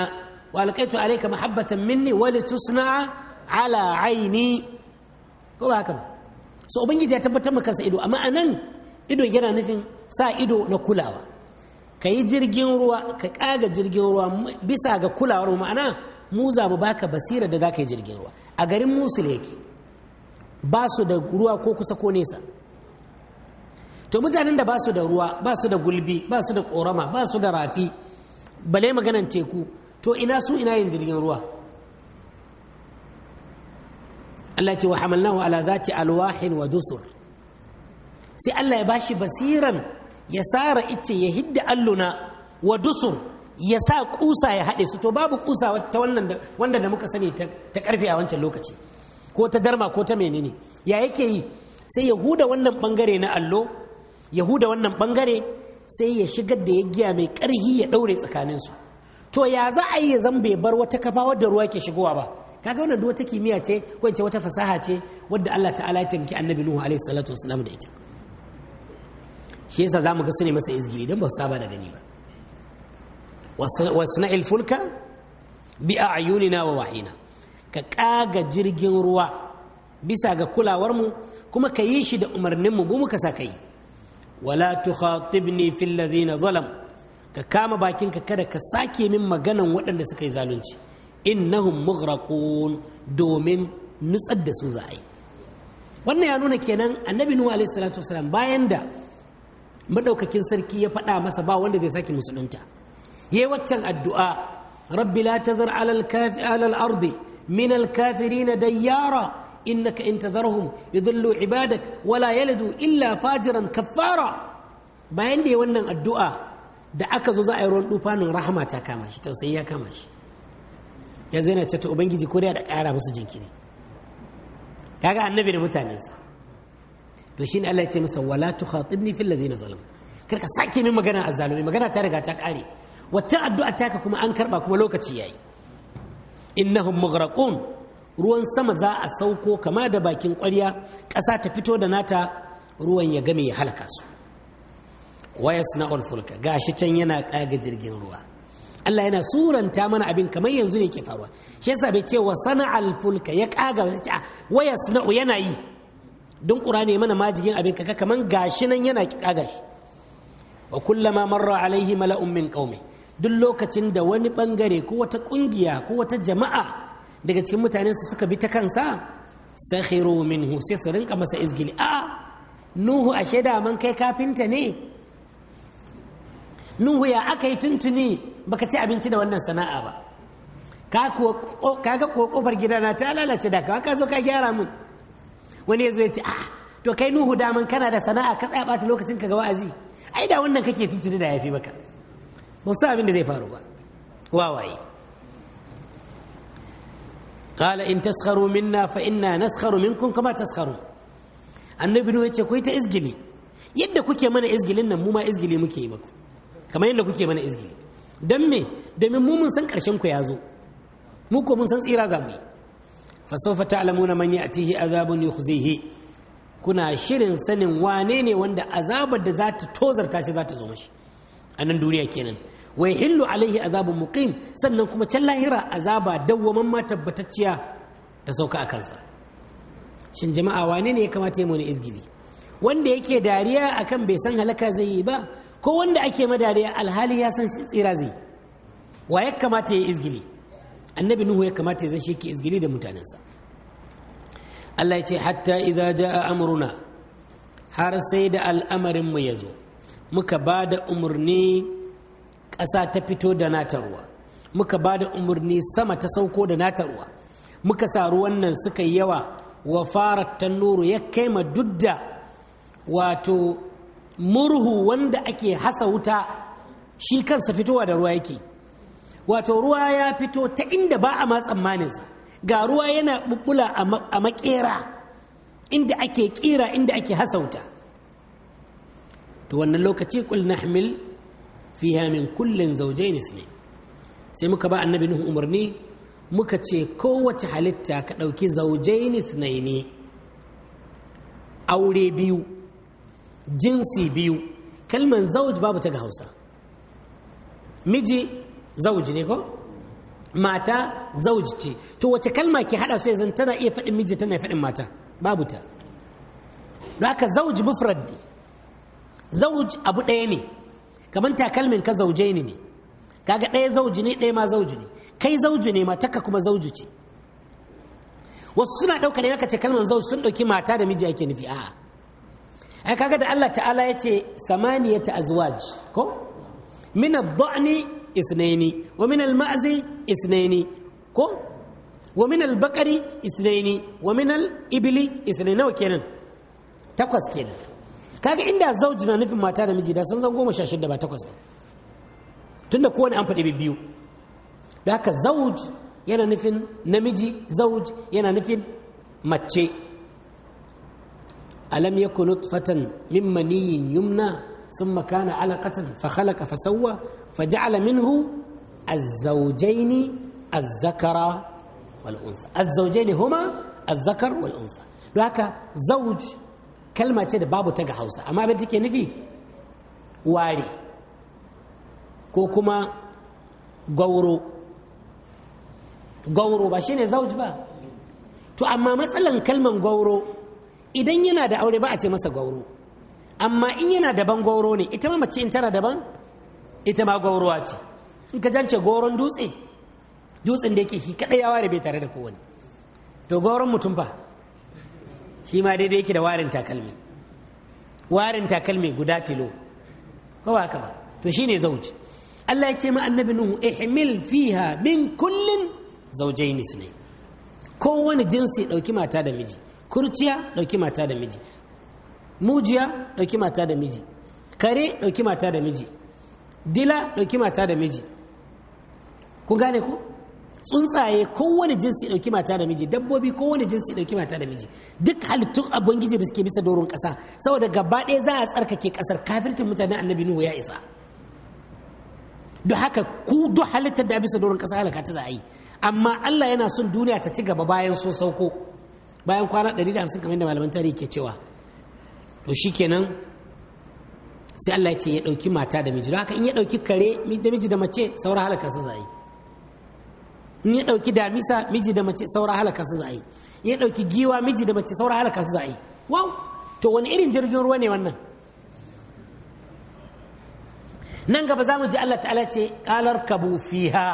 [SPEAKER 1] wa alqaitu alayka mahabbatan minni wa litusna ala ayni ko ba haka ba so ubangiji ya tabbatar maka sa ido amma anan ido yana nufin sa ido na kulawa ka yi jirgin ruwa ka kaga jirgin ruwa bisa ga kulawar ma'ana mu za mu baka basira da za ka yi jirgin ruwa a garin musul yake ba su da ruwa ko kusa ko nesa to mutanen da ba su da ruwa ba su da gulbi ba su da korama ba su da rafi bale maganan teku to ina su ina yin jirgin ruwa Allah ce wa hamalnahu ala zati alwahin wa dusur sai Allah ya bashi basiran ya sara ice ya hidda alluna wa dusur ya sa kusa ya haɗe su to babu kusa ta wannan wanda da muka sani ta karfe a wancan lokaci ko ta darma ko ta menene ya yake yi sai ya huda wannan bangare na allo ya huda wannan bangare sai ya shigar da ya giya mai karhi ya ɗaure tsakaninsu to ya za a yi ya bai bar wata kafa wadda ruwa ke shigowa ba kaga wannan duk wata kimiyya ce ko in wata fasaha ce wadda Allah ta'ala ya tanki annabi Nuhu alaihi salatu wasalam da ita shi yasa mu ga su ne masa izgiri dan ba su saba da gani ba wasna'il fulka bi a'yunina wa wahina ka kaga jirgin ruwa bisa ga kulawarmu kuma ka yi shi da umarnin mu muka sa kai wala tukhatibni fil ladina zalam ka kama bakinka kada ka sake min maganan waɗanda suka yi zalunci innahum mughraqun domin nutsar da su za a yi wannan ya nuna kenan annabi nuhu alaihi salatu wasalam bayan da madaukakin sarki ya faɗa masa ba wanda zai sake musulunta yayi waccan addu'a rabbi la tazar alal alal ardi min al kafirin dayyara innaka in tadharhum yudillu ibadak wala yalidu illa fajiran kaffara bayan da wannan addu'a da aka zo za a yi ruwan dufanin rahama ta kama shi tausayi ya kama shi yanzu yana ce ta ubangiji ko da ƙara musu jinkiri kaga annabi da mutanensa to shine Allah ya ce masa wala tukhatibni fil ladina zalamu kar ka sake min magana azzalumi magana ta riga ta kare wata addu'a taka kuma an karba kuma lokaci yayi innahum mughraqun ruwan sama za a sauko kama da bakin ƙwarya ƙasa ta fito da nata ruwan ya game ya halaka su wayasna'ul fulka gashi can yana kaga jirgin ruwa Allah yana suranta mana abin kamar yanzu ne ke faruwa shi yasa bai ce wa sana fulka ya kaga wasu ta ah, waya sana'u yana yi don ne mana majigin abin kaka kamar gashi nan yana kaga shi wa kullama marra alaihi mala'un min qaumi duk lokacin da wani bangare ko wata kungiya ko wata jama'a daga cikin mutanen su suka bi ta kansa sakhiru minhu sai su rinka masa izgili a nuhu a shaida man kai kafinta ne nuhu ya aka yi tuntuni baka ci abinci da wannan sana'a ba kaga kuwa kofar gidana ta lalace da kawa ka zo ka gyara min wani ya zo ya ce a to kai nuhu daman kana da sana'a ka tsaya bata lokacin ka ga wa'azi ai da wannan kake tuntuni da yafi maka ba su abin da zai faru ba wawaye qala in taskharu minna fa inna naskharu minkum kama taskharu annabi nuhu yace ku ta izgili yadda kuke mana izgilin nan mu ma izgili muke yi maku kamar yadda kuke mana izgili don me domin mu mun san ƙarshen ku ya zo mu ko mun san tsira za mu yi fa a ta'lamuna man ya'tihi azabun yukhzihi kuna shirin sanin wane ne wanda azabar da za ta tozarta shi za ta zo mashi a nan duniya kenan wa yahillu alaihi azabun muqim sannan kuma can lahira azaba dawwaman ma tabbatacciya ta sauka a kansa shin jama'a wane ne ya kamata ya mu izgili wanda yake dariya akan bai san halaka zai yi ba ko wanda ake madariya alhali ya san tsira zai wa ya kamata ya izgili annabi nuhu ya kamata ya zan shi ke izgili da mutanensa Allah ya ce hatta idza jaa amruna har sai da al'amarin mu ya zo muka ba da umarni ƙasa ta fito da nata ruwa muka ba da umarni sama ta sauko da nata ruwa muka sa ruwan nan suka yawa wa fara tannuru ya kai ma duk da wato murhu wanda ake hasa wuta shi kansa fitowa da ruwa yake wato ruwa ya fito ta inda ba a ma tsammaninsa ga ruwa yana bubbula a makera inda ake kira inda ake hasauta to wannan lokaci kul nahmil fi min kullin zawjayn ne sai muka ba annabi nuhu umarni muka ce kowace halitta ka ɗauki zawjayn ne aure biyu jinsi biyu kalman zauj babu ta ga hausa miji zauji ne ko mata zauj ce to wace kalma ke hada su yanzu tana iya faɗin miji tana faɗin mata babu ta don haka zauj mufrad ne zauj abu ɗaya ne kamar takalmin ka zauje ne ne kaga ɗaya zauji ne ɗaya ma zauji ne kai zauji ne ka kuma zauji ce wasu suna ɗauka ne ce kalmar zauji sun ɗauki mata da miji ake nufi a'a ai kaga da Allah ta'ala ya ce samaniyata azwaj ko min ad-da'ni isnaini wa min al-ma'zi isnaini ko wa min al-baqari isnaini wa min al-ibli isnaini nawa kenan takwas kenan kaga inda zauji na nufin mata da miji da sun zan goma sha shida ba takwas ba tunda kowane an faɗi biyu da haka zauj yana nufin namiji zauj yana nufin mace alam yaku nutfatan min maniyin yumna thumma kana alaqatan fa khalaqa fa sawwa fa ja'ala minhu az-zawjayn zakara wal unsa az huma az-zakar wal unsa don haka zauj kalma ce da babu ta ga Hausa amma abin take nufi ware ko kuma gauro gauro ba shine zauj ba to amma matsalan kalman gauro idan yana da aure ba a ce masa gauro amma in yana daban gauro ne ita ma mace in tana daban ita ma gwaurowa ce in ka jance goron dutse dutsen da yake shi kaɗai ya ware bai tare da kowane to goron mutum fa shi ma daidai yake da warin takalmi warin takalmi guda tilo ko haka ba to shi ne zauji Allah ya ce ma annabi nuhu ihmil fiha min kullin su ne kowane jinsi ɗauki mata da miji kurciya ɗauki mata da miji mujiya ɗauki mata da miji kare ɗauki mata da miji dila ɗauki mata da miji ku gane ku tsuntsaye kowane jinsi ɗauki mata da miji dabbobi kowane jinsi ɗauki mata da miji duk halittun abangiji da suke bisa doron kasa saboda gaba ɗaya za a tsarkake kasar kafirtin mutane annabi nuhu ya isa don haka ku duk halittar da bisa doron ƙasa halaka ta za a yi amma allah yana son duniya ta ci gaba bayan sun sauko bayan kwana 150 kamar da malaman tarihi ke cewa to shikenan sai Allah ya ce ya dauki mata da miji haka in ya dauki kare da miji da mace saura halaka su zai in ya dauki damisa miji da mace saura halaka su zai ya dauki giwa miji da mace saura halaka su zai wow to wani irin jirgin ruwa ne wannan nan gaba za mu ji Allah ta'ala ce qalar kabu fiha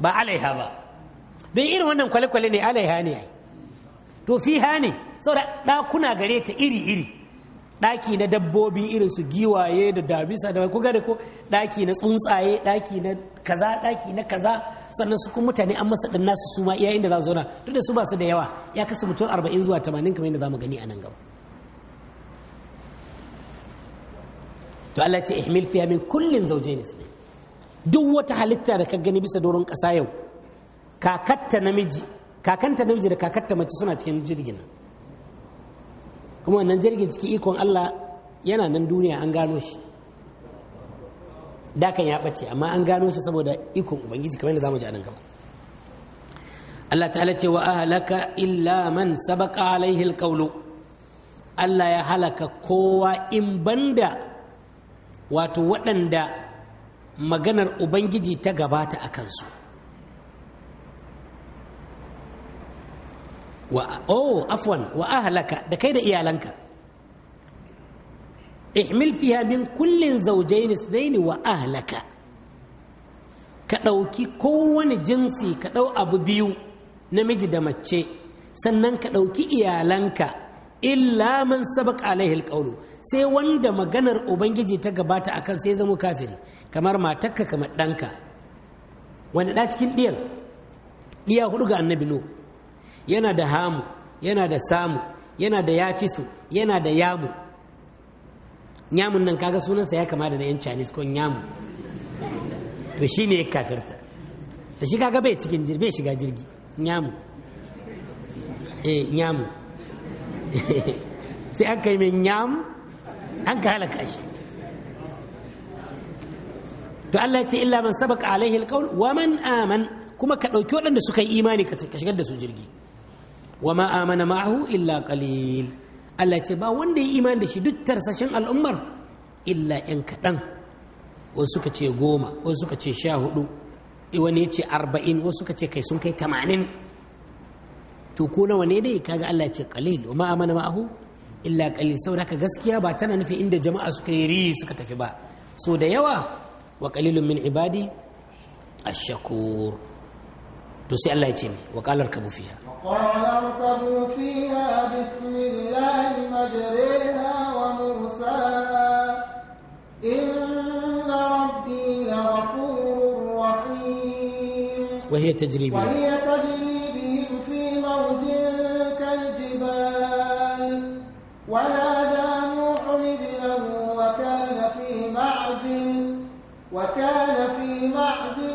[SPEAKER 1] ba alaiha ba don irin wannan kwale-kwale ne alaiha ne ai to fiha ne saboda ɗakuna gare ta iri-iri ɗaki na dabbobi irin su giwaye da damisa da ku gare ko ɗaki na tsuntsaye ɗaki na kaza ɗaki na kaza sannan su kuma mutane an masa ɗan nasu su ma iya inda za su zauna duk da su ba su da yawa ya kasu mutum arba'in zuwa tamanin kamar yadda za mu gani a nan gaba to Allah ce ihmil fiya min kullin ne duk wata halitta da ka gani bisa doron ƙasa yau kakatta namiji kakanta namiji da kakanta mace suna cikin jirgin nan kuma wannan jirgin ciki ikon Allah yana nan duniya an gano shi dakan ya bace amma an gano shi saboda ikon ubangiji kamar da zamu ji a nan gaba Allah ta'ala ce wa ahlaka illa man sabaqa alaihi alqawlu Allah ya halaka kowa in banda wato waɗanda maganar ubangiji ta gabata a kansu wa oh afwan wa ahlaka da kai da iyalanka ihmil fiha min kullin zawjayn ithnayn wa ahlaka ka ɗauki kowani jinsi ka ɗau abu biyu namiji da mace sannan ka ɗauki iyalanka illa man sabaq alaihi alqawlu sai wanda maganar ubangiji ta gabata akan sai zama kafiri kamar matakka kamar danka wani ɗa cikin diyan ɗiya hudu ga annabi nuhu yana da hamu yana da samu yana da yafisu yana da yamu nyamun nan kaga sunansa ya kama da na 'yan chinese ko nyamu to shi ne ya kafirta da shi kaga bai cikin jirgi bai shiga jirgi nyamu eh nyamu sai an kai mai nyam an ka halaka shi to Allah ya ce illa man sabaka alaihi alqaul wa man aman kuma ka ɗauki waɗanda suka yi imani ka shigar da su jirgi wa ma amana ma'ahu illa qalil Allah ce ba wanda ya imani da shi duk tarsashin al'ummar illa yan kaɗan wasu suka ce goma wasu suka ce sha hudu wani ya ce arba'in wasu kace ce kai sun kai tamanin to ko nawa ne dai kaga Allah ce qalil wa ma amana ma'ahu illa qalil saboda haka gaskiya ba tana nufi inda jama'a suka yi ri suka tafi ba so da yawa wa qalilun min ibadi ashakur to sai Allah ya ce mai wa qalar kabu fiha
[SPEAKER 2] قال اركبوا فيها بسم الله مجريها ومرساها إن ربي لغفور رحيم وهي تجري بهم وهي تجري بهم في موج كالجبال
[SPEAKER 1] ونادى
[SPEAKER 2] نوح ابنه وكان في معزل وكان في معزل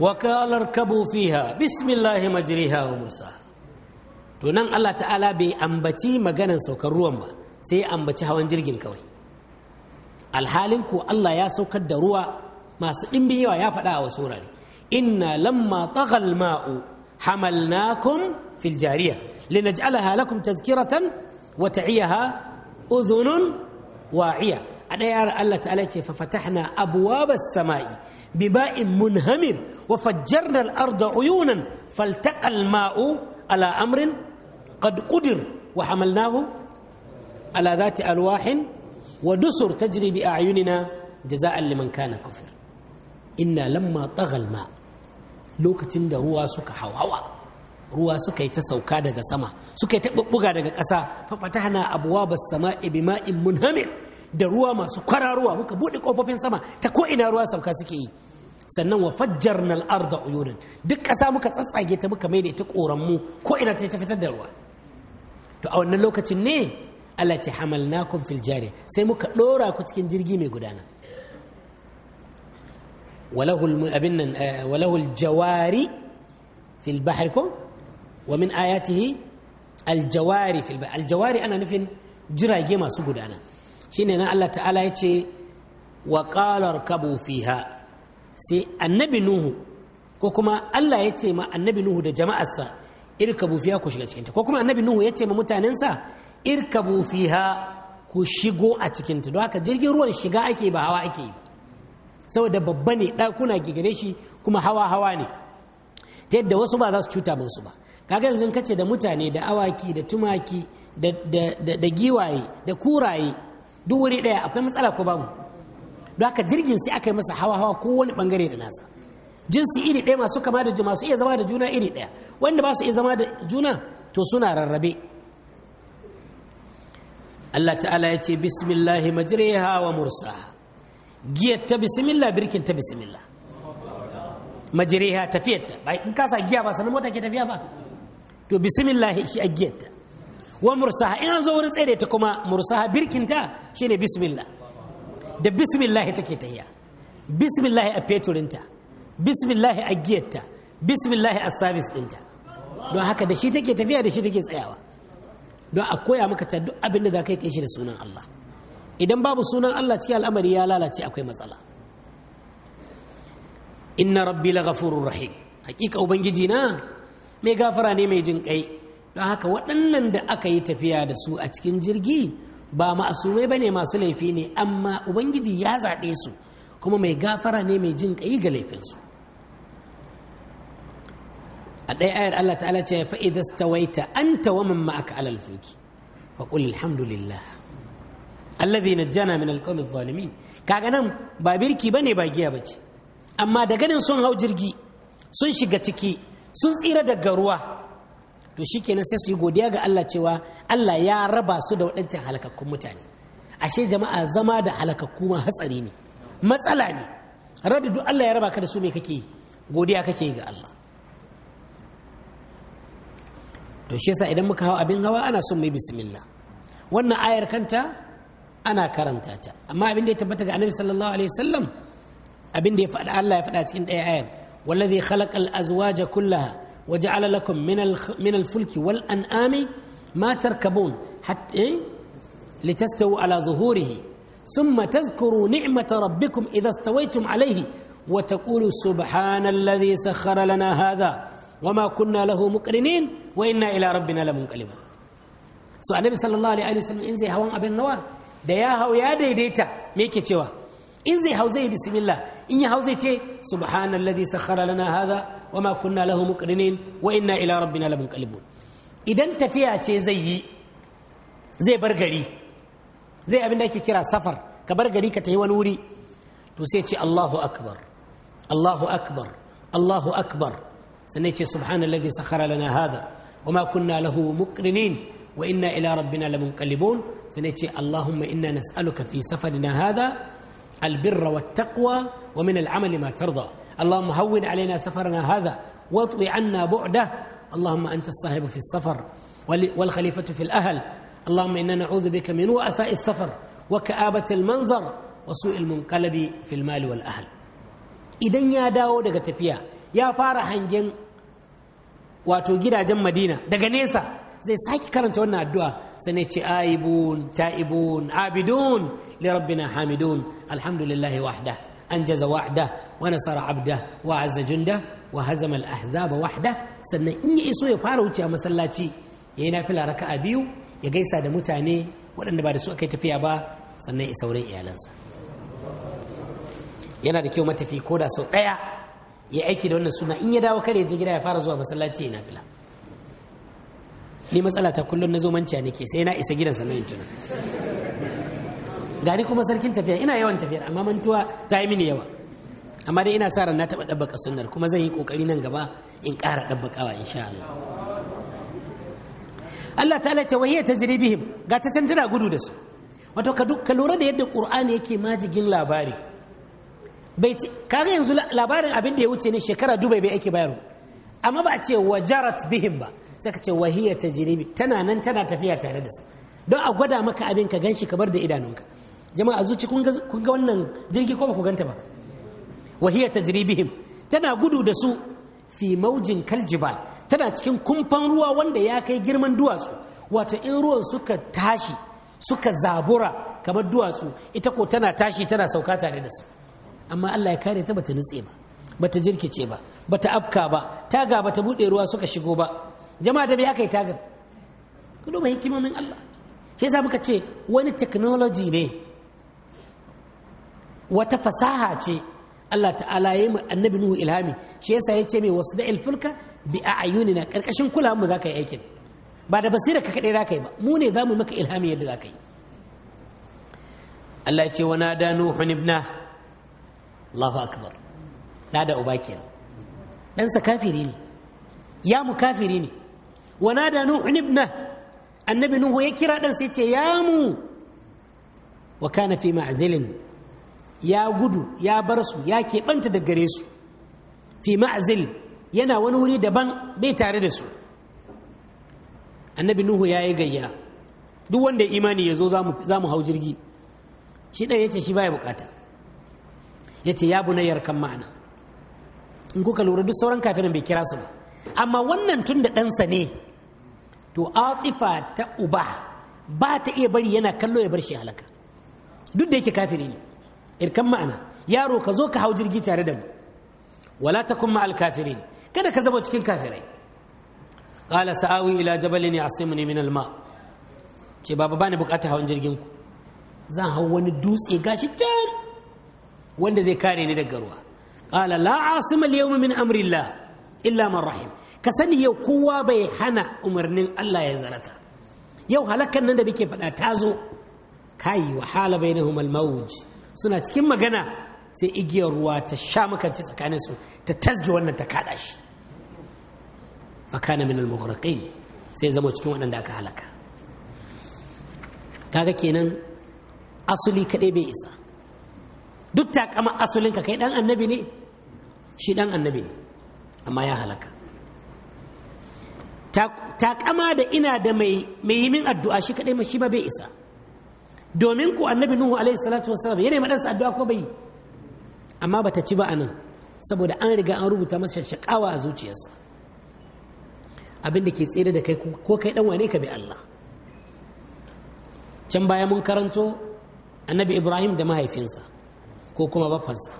[SPEAKER 1] وقال اركبوا فيها بسم الله مجريها ومرساها to nan Allah ta'ala bai ambaci maganan saukar ruwan ba sai ya ambaci hawan jirgin kawai alhalin ko Allah ya saukar da ruwa masu ɗimbin yawa ya faɗa a wasu wurare inna lamma taghal ma'u hamalnakum fil jariya linaj'alaha lakum tadhkiratan wa ta'iyaha udhunun wa'iya a ɗaya Allah ta'ala ce fa fatahna abwabas sama'i bima'in munhamir wa fajjarna al-arda uyunan faltaqa al-ma'u ala amrin qad qudir wa hamalnahu ala dhati alwahin wa dusur tajri bi a'yunina jaza'an liman kana kufir inna lamma tagha ma lokacin da ruwa suka hauhawa ruwa suka yi ta sauka daga sama suka yi ta bubbuga daga ƙasa fa fatahna abwabas sama'i bima'in munhamir da ruwa masu kwararowa muka buɗe ƙofofin sama ta ko ina ruwa sauka suke yi sannan wa fajjar nal arda uyunan duk ƙasa muka tsatsage ta muka maida da ƙoran mu ko ina ta fitar da ruwa to a wannan lokacin ne Allah ce hamalnakum fil jari sai muka ɗora ku cikin jirgi mai gudana walahul eh, jawari fil bahar ko wa min ayatihi aljawari fil aljawari ana nufin jirage masu gudana shine nan Allah ta'ala ya ce wa qalar kabu fiha sai annabi nuhu ko kuma Allah ya ce ma annabi nuhu da jama'arsa irkabu fiha ku shiga cikinta ko kuma annabi nuhu ya ce ma mutanensa irkabu fiha ku shigo a cikinta don haka jirgin ruwan shiga ake ba hawa ake yi saboda babba ne ɗakuna gigare shi kuma hawa hawa ne ta yadda wasu ba za su cuta su ba kaga yanzu kace da mutane da awaki da tumaki da giwaye da kuraye duk wuri ɗaya akwai matsala ko babu don haka jirgin sai aka yi masa hawa hawa ko wani bangare da nasa jinsi iri ɗaya masu kama da masu iya zama da juna iri ɗaya wanda ba su iya zama da juna to suna rarrabe Allah ta'ala ya ce bismillahi majriha wa mursa giyar ta bismillah birkin ta bismillah majriha tafiyar ta ba in kasa giya ba sanin mota ke tafiya ba to bismillah shi a giyar ta wa mursaha in an zo wurin tsere ta kuma mursaha birkinta shine bismillah da bismillah take tahiya bismillah a feturinta bismillah a giyarta bismillah a sabis ɗinta don haka da shi take tafiya da shi take tsayawa don a koya maka ta duk abin da zaka ka yi kai shi da sunan Allah idan babu sunan Allah cikin al'amari ya lalace akwai matsala inna rabbi la rahim hakika ubangiji na mai gafara ne mai jin kai don haka waɗannan da aka yi tafiya da su a cikin jirgi ba ma'asumai ba ne masu laifi ne amma ubangiji ya zaɓe su kuma mai gafara ne mai jin ƙayi ga laifinsu a ɗaya ayar Allah ta'ala ce fa'idas tawaita an tawamin ma'aka alal fulki faƙul alhamdulillah allazi najjana min alqawmi zalimin kaga nan ba birki bane ba giya bace amma da ganin sun hau jirgi sun shiga ciki sun tsira daga ruwa to shikenan sai su yi godiya ga Allah cewa Allah ya raba su da waɗancan halakakkun mutane ashe jama'a zama da halakakku ma hatsari ne matsala ne rada duk Allah ya raba ka da su me kake godiya kake ga Allah to shi yasa idan muka hawa abin hawa ana son mai bismillah wannan ayar kanta ana karanta ta amma abin da ya tabbata ga annabi sallallahu alaihi wasallam abin da ya faɗa Allah ya faɗa cikin ɗaya ayar wallazi khalaqal azwaja kullaha وجعل لكم من من الفلك والأنعام ما تركبون حتى إيه؟ لتستووا على ظهوره ثم تذكروا نعمة ربكم إذا استويتم عليه وتقولوا سبحان الذي سخر لنا هذا وما كنا له مقرنين وإنا إلى ربنا لمنقلبون سو النبي صلى الله عليه وسلم انزي hawan ابن hawa da ya hau ya daidaita me yake cewa in zai hau zai bismillah in ya hau zai ce subhanallazi sakhara lana hadha wa ma kunna lahu wa inna ila rabbina lamunqalibun idan tafiya ce zai yi zai bar gari abin da ake kira safar ka bar gari ka tafi wani wuri to sai ce Allahu akbar Allahu akbar Allahu akbar sannan ce subhanallazi sakhara lana hada wa ma kunna lahu muqrinin wa inna ila rabbina lamunqalibun sannan ce Allahumma inna nas'aluka fi safarina hada albirra wattaqwa wa min al'amali ma tarda اللهم هون علينا سفرنا هذا واطوي عنا بعده اللهم أنت الصاحب في السفر والخليفة في الأهل اللهم إنا نعوذ بك من وأثاء السفر وكآبة المنظر وسوء المنقلب في المال والأهل idan ya dawo daga tafiya ya fara hangen wato gidajen madina daga nesa zai sake karanta wannan addu'a sanai ce aibun ta'ibun abidun li rabbina hamidun alhamdulillahi wahda anjaza wa'da wa nasara abda wa azza junda wa hazama al-ahzaba wahda sannan in ya iso ya fara wuce masallaci yayi nafila raka'a biyu ya gaisa da mutane waɗanda ba da su akai tafiya ba sannan ya sauran iyalansa yana da kyau matafi ko da sau ɗaya ya aiki da wannan suna in ya dawo kare je gida ya fara zuwa masallaci ya nafila ni matsala ta kullum na zo manciya nake sai na isa gidan na yin tuna gani kuma sarkin tafiya ina yawan tafiyar amma mantuwa ta yi mini yawa amma dai ina sa ran na taɓa ɗabbaka sunnar kuma zan yi ƙoƙari nan gaba in ƙara ɗabbakawa insha Allah Allah ta'ala ta wahiyya ta bihim ga ta can tana gudu da su wato ka lura da yadda ƙur'ani yake majigin labari bai kaga yanzu labarin abin da ya wuce ne shekara duba bai ake bayar amma ba a ce wajarat bihim ba sai ka ce wahiyya ta tana nan tana tafiya tare da su don a gwada maka abin ka ganshi ka bar da idanunka jama'a zuci kun ga wannan jirgi ko ba ku ganta ba wahiya tajribihim tana gudu da su fi maujin kaljibal tana cikin kumfan ruwa wanda ya kai girman duwatsu wato in ruwan suka tashi suka zabura kamar duwatsu ita ko tana tashi tana sauka tare da su amma Allah ya kare ta bata nutse ba bata jirkice ba bata afka ba taga bata bude ruwa suka shigo ba jama'a da bai aka yi tagar ku duba hikimomin Allah shi yasa muka ce wani technology ne wata fasaha ce Allah ta'ala ya yi annabi Nuhu ilhami shi yasa ya ce mai wasu da ilfulka bi a ayyunina karkashin kula mu za ka yi aikin ba da basira ka kaɗai za ka yi ba mu ne za mu maka ilhami yadda za ka yi Allah ya ce wa nada Nuhu ibna Allahu akbar nada uba kenan ɗansa kafiri ne ya mu kafiri ne wa nada Nuhu ibna annabi Nuhu ya kira ɗansa ya ce ya mu wa kana fi ma'zilin ya gudu ya bar su ya keɓanta da gare su fi ma'azil yana wani wuri daban bai tare da su annabi nuhu ya yi gayya duk wanda imani ya zo za mu hau jirgi shi ɗaya ya ce shi baya bukata ya ce ya bu na yarkan ma'ana in kuka lura duk sauran kafirin bai kira su ba amma wannan tun da ɗansa ne to atifa ta uba ba ta iya bari yana kallo ya bar shi halaka duk da yake kafiri ne irkan ma'ana yaro ka zo ka hau jirgi tare da mu wala takun ma'al kafirin kada ka zama cikin kafirai qala sa'awi ila jabalin yasimuni min alma ce baba bani bukata hawan jirgin ku zan hau wani dutse gashi can wanda zai kare ni daga ruwa qala la asima al-yawma min amrillah illa man rahim ka sani yau kowa bai hana umarnin Allah ya zarata yau halakan nan da nake faɗa ta zo kai wahala bainahum al-mawj suna cikin magana sai igiyar ruwa ta sha makanci tsakanin su ta tasge wannan ta kada shi fakana min al-mughraqin sai zama cikin waɗanda aka halaka kaga kenan asuli kaɗai bai isa duk takama asulinka kai ɗan annabi ne shi ɗan annabi ne amma ya halaka takama da ina da mai yi min addu'a shi kaɗai shi ba bai isa domin ku annabi nuhu alaihi salatu wassalam yana madansa addu'a ko bai amma bata ci ba anan saboda an riga an rubuta masa shakawa a zuciyarsa Abinda ke tsere da kai ko kai dan wane ka bi Allah can baya mun karanto annabi Ibrahim da mahaifinsa ko kuma bafansa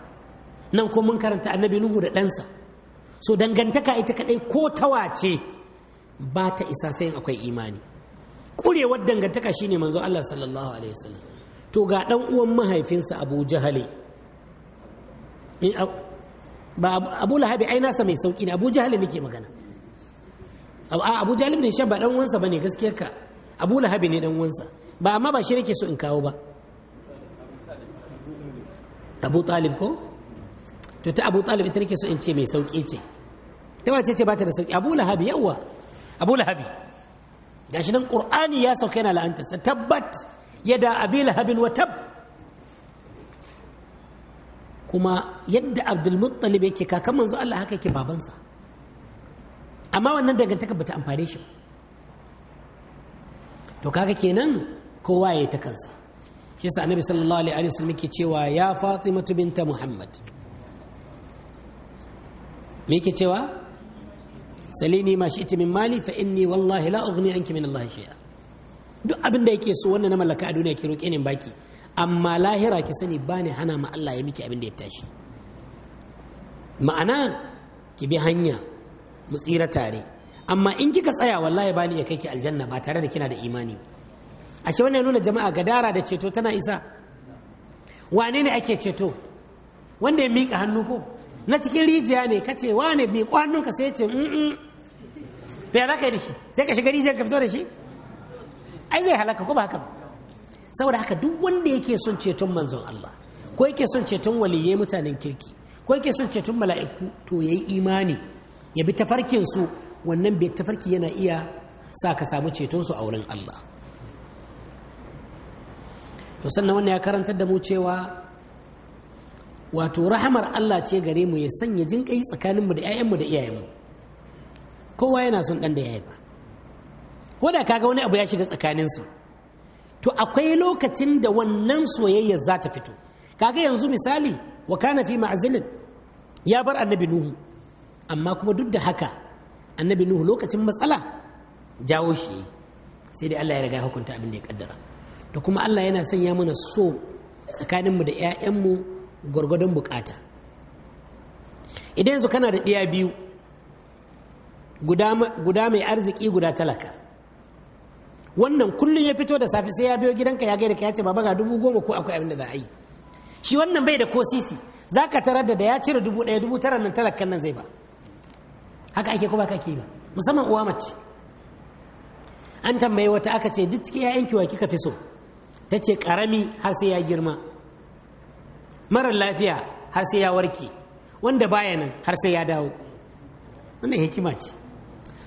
[SPEAKER 1] nan ko mun karanta annabi Nuhu da ɗansa so dangantaka ita kadai ko tawace ba ta isa sai akwai imani ƙurewar dangantaka shine manzo Allah sallallahu alaihi wasallam to ga dan uwan mahaifinsa Abu Jahali ba Abu Lahabi ai nasa mai sauki ne Abu Jahali nake magana Abu Jahali ne shan ba dan uwansa bane gaskiyar ka Abu Lahabi ne dan uwansa ba amma ba shi nake so in kawo ba Abu Talib ko to ta Abu Talib ita nake so in ce mai sauki ce ta wace ce ba ta da sauki Abu Lahabi yawa Abu Lahabi gashi nan qur'ani ya sauke na la'antarsa tabbat yada abi lahabin wa kuma yadda abdulmuttalib yake kakan manzo Allah haka yake babansa amma wannan dangantaka bata amfane shi to kaga kenan kowa ya ta kansa shi yasa annabi sallallahu alaihi wasallam yake cewa ya fatimatu binta muhammad me yake cewa salini ma shi min mali fa inni wallahi la ughni anki min Allah shay'a duk abin da yake so wannan na mallaka a duniya ki roke ni baki amma lahira ki sani bani hana ma Allah ya miki abin da ya tashi ma'ana ki bi hanya mu tsira tare amma in kika tsaya wallahi bani ya kai ki aljanna ba tare da kina da imani ashe wannan nuna jama'a gadara da ceto tana isa wane ne ake ceto wanda ya miƙa hannu ko na cikin rijiya ne ka ce ne mai ka sai ce mm, mm. ya za ka yi da shi sai ka shiga rijiyar ka fito da shi ai zai halaka ko ba haka ba saboda haka duk wanda yake son ceton manzon Allah ko yake son ceton waliyyai mutanen kirki ko yake son ceton mala'iku to yayi imani ya bi tafarkin su wannan bai tafarki yana iya sa ka samu ceton su a wurin Allah wannan ya karantar da mu cewa wato rahamar Allah ce gare mu ya sanya jin kai tsakaninmu da 'ya'yanmu da iyayenmu kowa yana son dan da ya ba. ko da kaga wani abu ya shiga tsakaninsu to akwai lokacin da wannan soyayya za ta fito kaga yanzu misali wa kana fi ma'azilin ya bar annabi nuhu amma kuma duk da haka annabi nuhu lokacin matsala jawo shi sai dai Allah ya riga hukunta abin da ya kaddara to kuma Allah yana sanya mana so tsakaninmu da 'ya'yanmu gwargwadon bukata idan yanzu kana da ɗiya biyu guda mai arziki guda talaka wannan kullum ya fito da safi sai ya biyo gidanka ya gaida ka ya ce baba ga dubu goma ko akwai abinda za a yi shi wannan bai da ko sisi za ka tarar da ya cire dubu ɗaya dubu tara nan talakan nan zai ba haka ake kuma kake ba musamman uwa mace an tambaye wata aka ce duk cikin 'ya'yanki wa kika fi so ta ce ƙarami har sai ya girma marar lafiya har sai ya warke wanda baya nan har sai ya dawo wannan hikima ce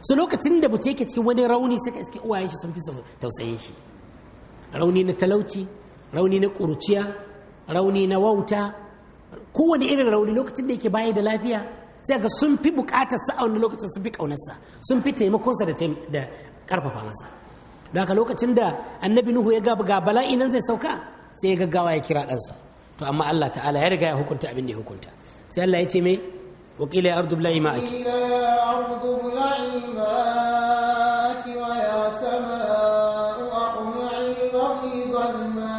[SPEAKER 1] su lokacin da mutum yake cikin wani rauni sai iske uwayen shi sun fi tausayin shi rauni na talauci rauni na ƙuruciya rauni na wauta kowane irin rauni lokacin da yake baya da lafiya sai ga sun fi buƙatar sa a wani lokacin sun fi ƙaunarsa sun fi taimakonsa da ƙarfafa masa da haka lokacin da annabi nuhu ya ga bala'i nan zai sauka sai ya gaggawa ya kira ɗansa to amma Allah ta'ala ya riga ya hukunta abin da ya hukunta sai Allah ya ce mai wakila ya ardu bila'i
[SPEAKER 2] ma'aki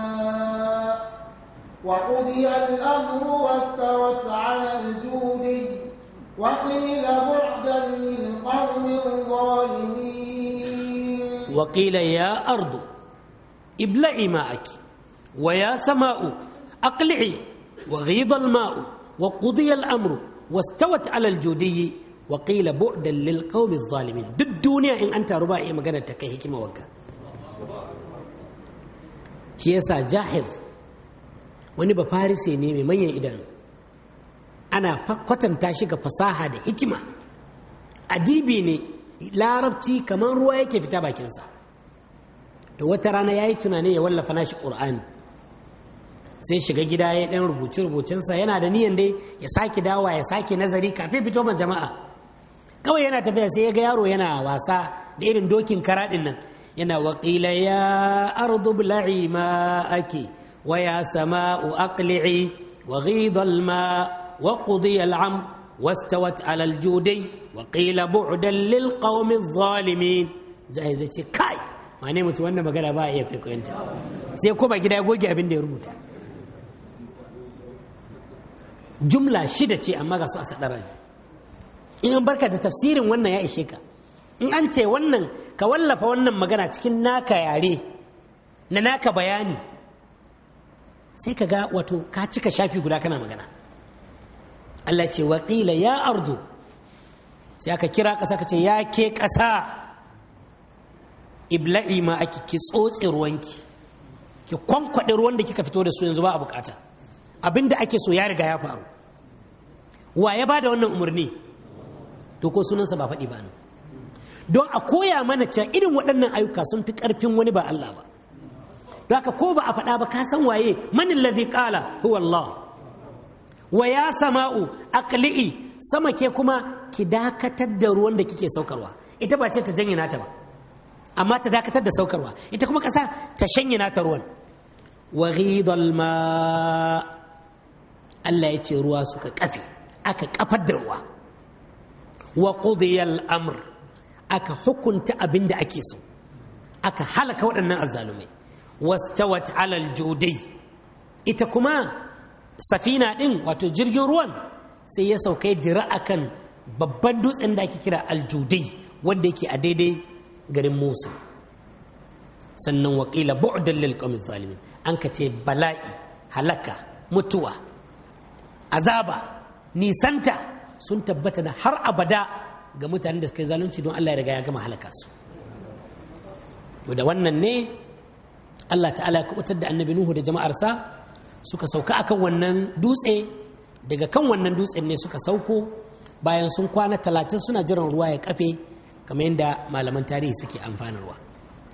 [SPEAKER 2] وقضي الأمر واستوت على الجود وقيل بعدا للقوم الظالمين
[SPEAKER 1] وقيل يا أرض ابلعي ماءك ويا سماء أقلعي وغيض الماء وقضي الأمر واستوت على الجودي وقيل بعدا للقوم الظالمين دد duniya in an taru ba iya magana ta kai hikima jahiz wani ba farise ne mai manyan idan ana kwatanta shi ga fasaha da hikima adibi ne larabci kamar ruwa yake fita bakinsa to wata rana ya yi tunanin ya wallafa nashi ƙur'ani sai shiga gida ya dan rubuce rubucensa yana da niyan dai ya sake dawa ya sake nazari kafin fito ma jama'a kawai yana tafiya sai ya ga yaro yana wasa da irin dokin karaɗin nan yana waƙila ya ardu bla'i ma ake wa ya sama'u aqli'i wa ghidha al-ma wa qudiya al-amr واستوت على الجودي وقيل بعدا للقوم الظالمين جاهزة كاي ما نمت وانا مقالا با ايه فيكو انت سيكو با كده يقول جابين ya rubuta. jumla shida ce amma ga su a sadara ne in an barka da tafsirin wannan ya ishe ka in an ce wannan ka wallafa wannan magana cikin naka yare na naka bayani sai ka ga wato ka cika shafi guda kana magana Allah ce ƙila ya ardu sai aka kira ƙasa ka ce ya ke ƙasa ibla'i ma ake ki tsotse ruwanki ki kwankwaɗe ruwan da kika fito da su yanzu ba a bukata Abinda ake so ya riga ya faru wa ya ba da wannan umarni to ko sunansa ba faɗi ba ne. don a koya mana cewa irin waɗannan ayyuka sun fi ƙarfin wani ba Allah ba don haka ko ba a faɗa ba ka san waye manin ladhi qala huwa Allah wa ya sama'u aqli'i sama ke kuma ki dakatar da ruwan da kike saukarwa ita ba ce ta janye ba amma ta dakatar da saukarwa ita kuma ƙasa ta shanye nata ruwan wa ghidal ma Allah ya ce ruwa suka kafe aka kafar da ruwa wa ƙudiyar amr aka hukunta abin da ake so aka halaka waɗannan azalumai wastawat alal judai ita kuma safina ɗin wato jirgin ruwan sai ya saukai dira akan babban dutsen da ake kira aljudai wanda yake a daidai garin musa sannan waƙila bu'dan lil qawmi zalimin an ka ce bala'i halaka mutuwa azaba nisanta sun tabbata da har abada ga mutanen da suka yi zalunci don Allah ya riga ya gama halaka su to da wannan ne Allah ta'ala ya kubutar da annabi Nuhu da jama'arsa suka sauka akan wannan dutse daga kan wannan dutse ne suka sauko bayan sun kwana talatin suna jiran ruwa ya kafe kamar yadda malaman tarihi suke amfanarwa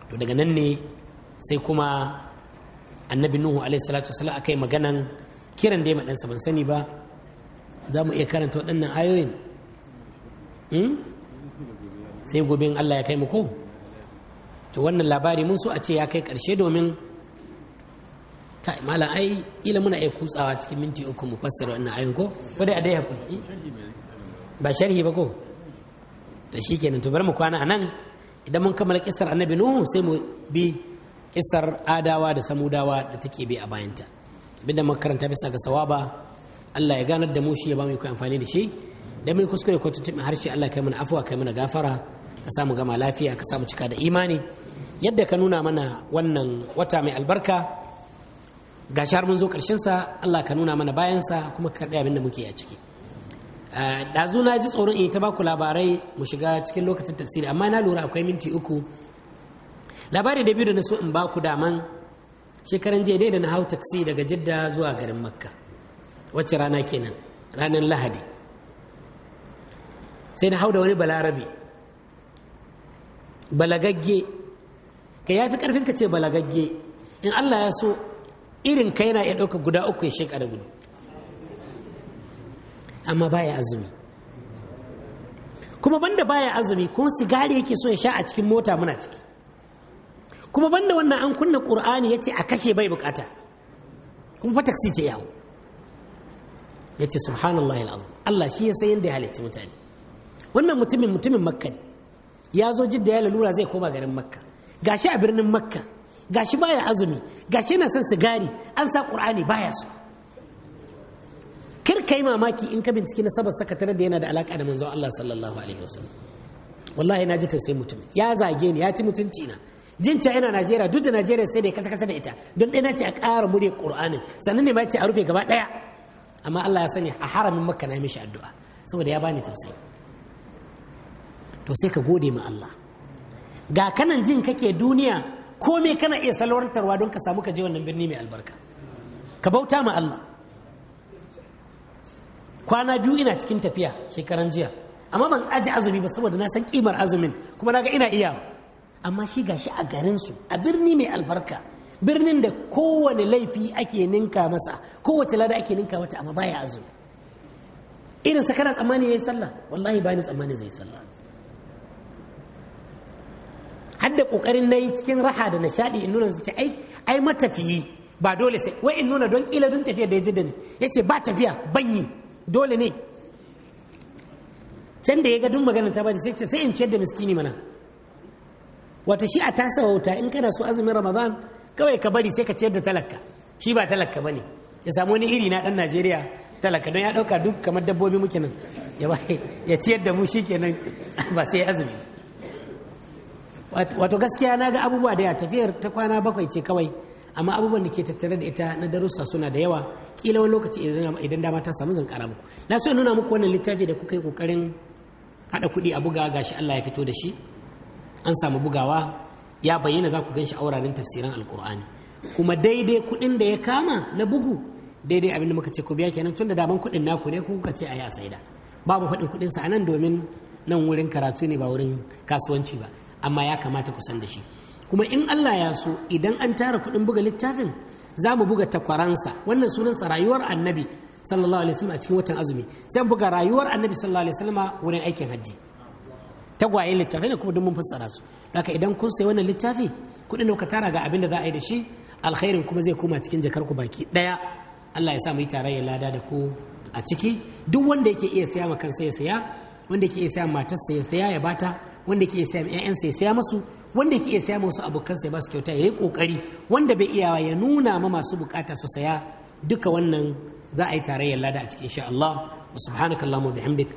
[SPEAKER 1] to daga nan ne sai kuma annabi nuhu alaihi salatu wasallam akai maganan kiran da ya madansa ban sani ba za mu iya karanta waɗannan ayoyin hmm? sai gobe in Allah ya kai mu ko to wannan labari mun so a ce ya kai ƙarshe domin ta ai ila muna iya kutsawa cikin minti uku mu fassara wannan ayoyin ko ko dai a dai hakuri ba sharhi ba ko da shi ke to bari mu kwana a nan idan mun kammala kisar annabi nuhu sai mu bi kisar adawa da samudawa da take bi a bayanta abinda makaranta bisa ga sawaba Allah ya ganar da mu shi ya ba mu yi amfani da shi da mai kuskure ko tuntuɓin harshe Allah kai mana afuwa kai mana gafara ka samu gama lafiya ka samu cika da imani yadda ka nuna mana wannan wata mai albarka ga har mun zo sa Allah ka nuna mana bayan sa kuma ka karɓi abin da muke a ciki ɗazu na ji tsoron in ta ba ku labarai mu shiga cikin lokacin tafsiri amma na lura akwai minti uku labari da biyu da na so in baku daman shekaran jiya dai da na hau taksi daga jidda zuwa garin makka wacce rana kenan ranar lahadi sai na hau da wani balarabe balagagge ka ya fi ƙarfin ka ce balagagge in allah ya so irin ka yana iya ɗauka guda uku ya shekara gudu amma baya azumi kuma banda baya azumi kuma sigari yake so ya sha a cikin mota muna ciki kuma banda wannan an kunna ƙur'ani ya ce a kashe bai bukata kuma fa taksi ce yawo ya ce subhanallah al'azim Allah shi ya san yadda ya halicci mutane wannan mutumin mutumin makka ne ya zo jidda ya lalura zai koma garin makka gashi a birnin makka gashi baya azumi gashi na son sigari an sa qur'ani baya so kar yi mamaki in ka binciki na sabar sakatare da yana da alaka da manzo Allah sallallahu alaihi wasallam wallahi na ji tausayin mutumin ya zage ni ya ci mutunci na ca yana Najeriya duk da Najeriya sai da ya kasa kasa da ita don ɗaya na ce a ƙara murya Qur'anin sannan ne ma ce a rufe gaba ɗaya amma Allah ya sani a haramin makka na mishi addu'a saboda ya bani tausayi to sai ka gode ma Allah ga kanan jin kake duniya komai kana iya salwantarwa don ka samu ka je wannan birni mai albarka ka bauta ma Allah kwana biyu ina cikin tafiya shekaran jiya amma ban aji azumi ba saboda na san kimar azumin kuma naga ina iyawa amma shi gashi a garinsu a birni mai albarka birnin da kowane laifi ake ninka masa kowace lada ake ninka wata amma baya azumi irin sa kana tsammani yayi sallah wallahi bani tsammani zai sallah har da kokarin nayi cikin raha da nishadi in nuna su ce ai ai matafiyi ba dole sai wai in nuna don kila don tafiya da ya ji da ni yace ba tafiya banyi dole ne can da ya ga dun magana ta bari sai ce sai in ciyar da miskini mana wata shi a tasa wauta in kana so azumin ramadan kawai ka bari sai ka ciyar da talaka shi ba talaka bane ya samu wani iri na dan Najeriya talaka don ya dauka duk kamar dabbobi muke nan ya ciyar da mu shikenan ba sai azumi wato gaskiya na ga abubuwa da ya tafiyar ta kwana bakwai ce kawai amma abubuwan da ke tattare da ita na darussa suna da yawa kila wani lokaci idan dama ta samu zan kara muku na so nuna muku wannan littafi da kuka yi kokarin hada kuɗi a buga gashi Allah ya fito da shi an samu bugawa ya bayyana za ku gan ganshi a wuraren tafsirin alkur'ani kuma daidai kuɗin da ya kama na bugu daidai abinda da muka ce ku biya kenan tun da daban kuɗin naku ne ku kuka ce a yi a saida babu faɗin kuɗin sa anan domin nan wurin karatu ne ba wurin kasuwanci ba amma ya kamata ku san da shi kuma in Allah ya so idan an tara kuɗin buga littafin za mu buga takwaransa wannan sunansa rayuwar annabi sallallahu alaihi wasallam a cikin watan azumi sai buga rayuwar annabi sallallahu alaihi wasallam wurin aikin hajji tagwaye littafai ne kuma duk mun fassara su haka idan kun sayi wannan littafi kuɗin da tara ga abin da za a yi da shi alkhairin kuma zai koma cikin jakar ku baki daya. Allah ya sa mu yi tarayya lada da ku a ciki duk wanda yake iya saya ma kansa ya saya wanda yake iya saya matarsa ya saya ya bata wanda yake iya saya ma ƴaƴansa ya saya musu wanda yake iya saya ma wasu abokansa ya ba su kyauta ya yi kokari wanda bai iyawa ya nuna ma masu bukata su saya duka wannan za a yi tarayyar lada a cikin insha Allah wa subhanakallahumma bihamdika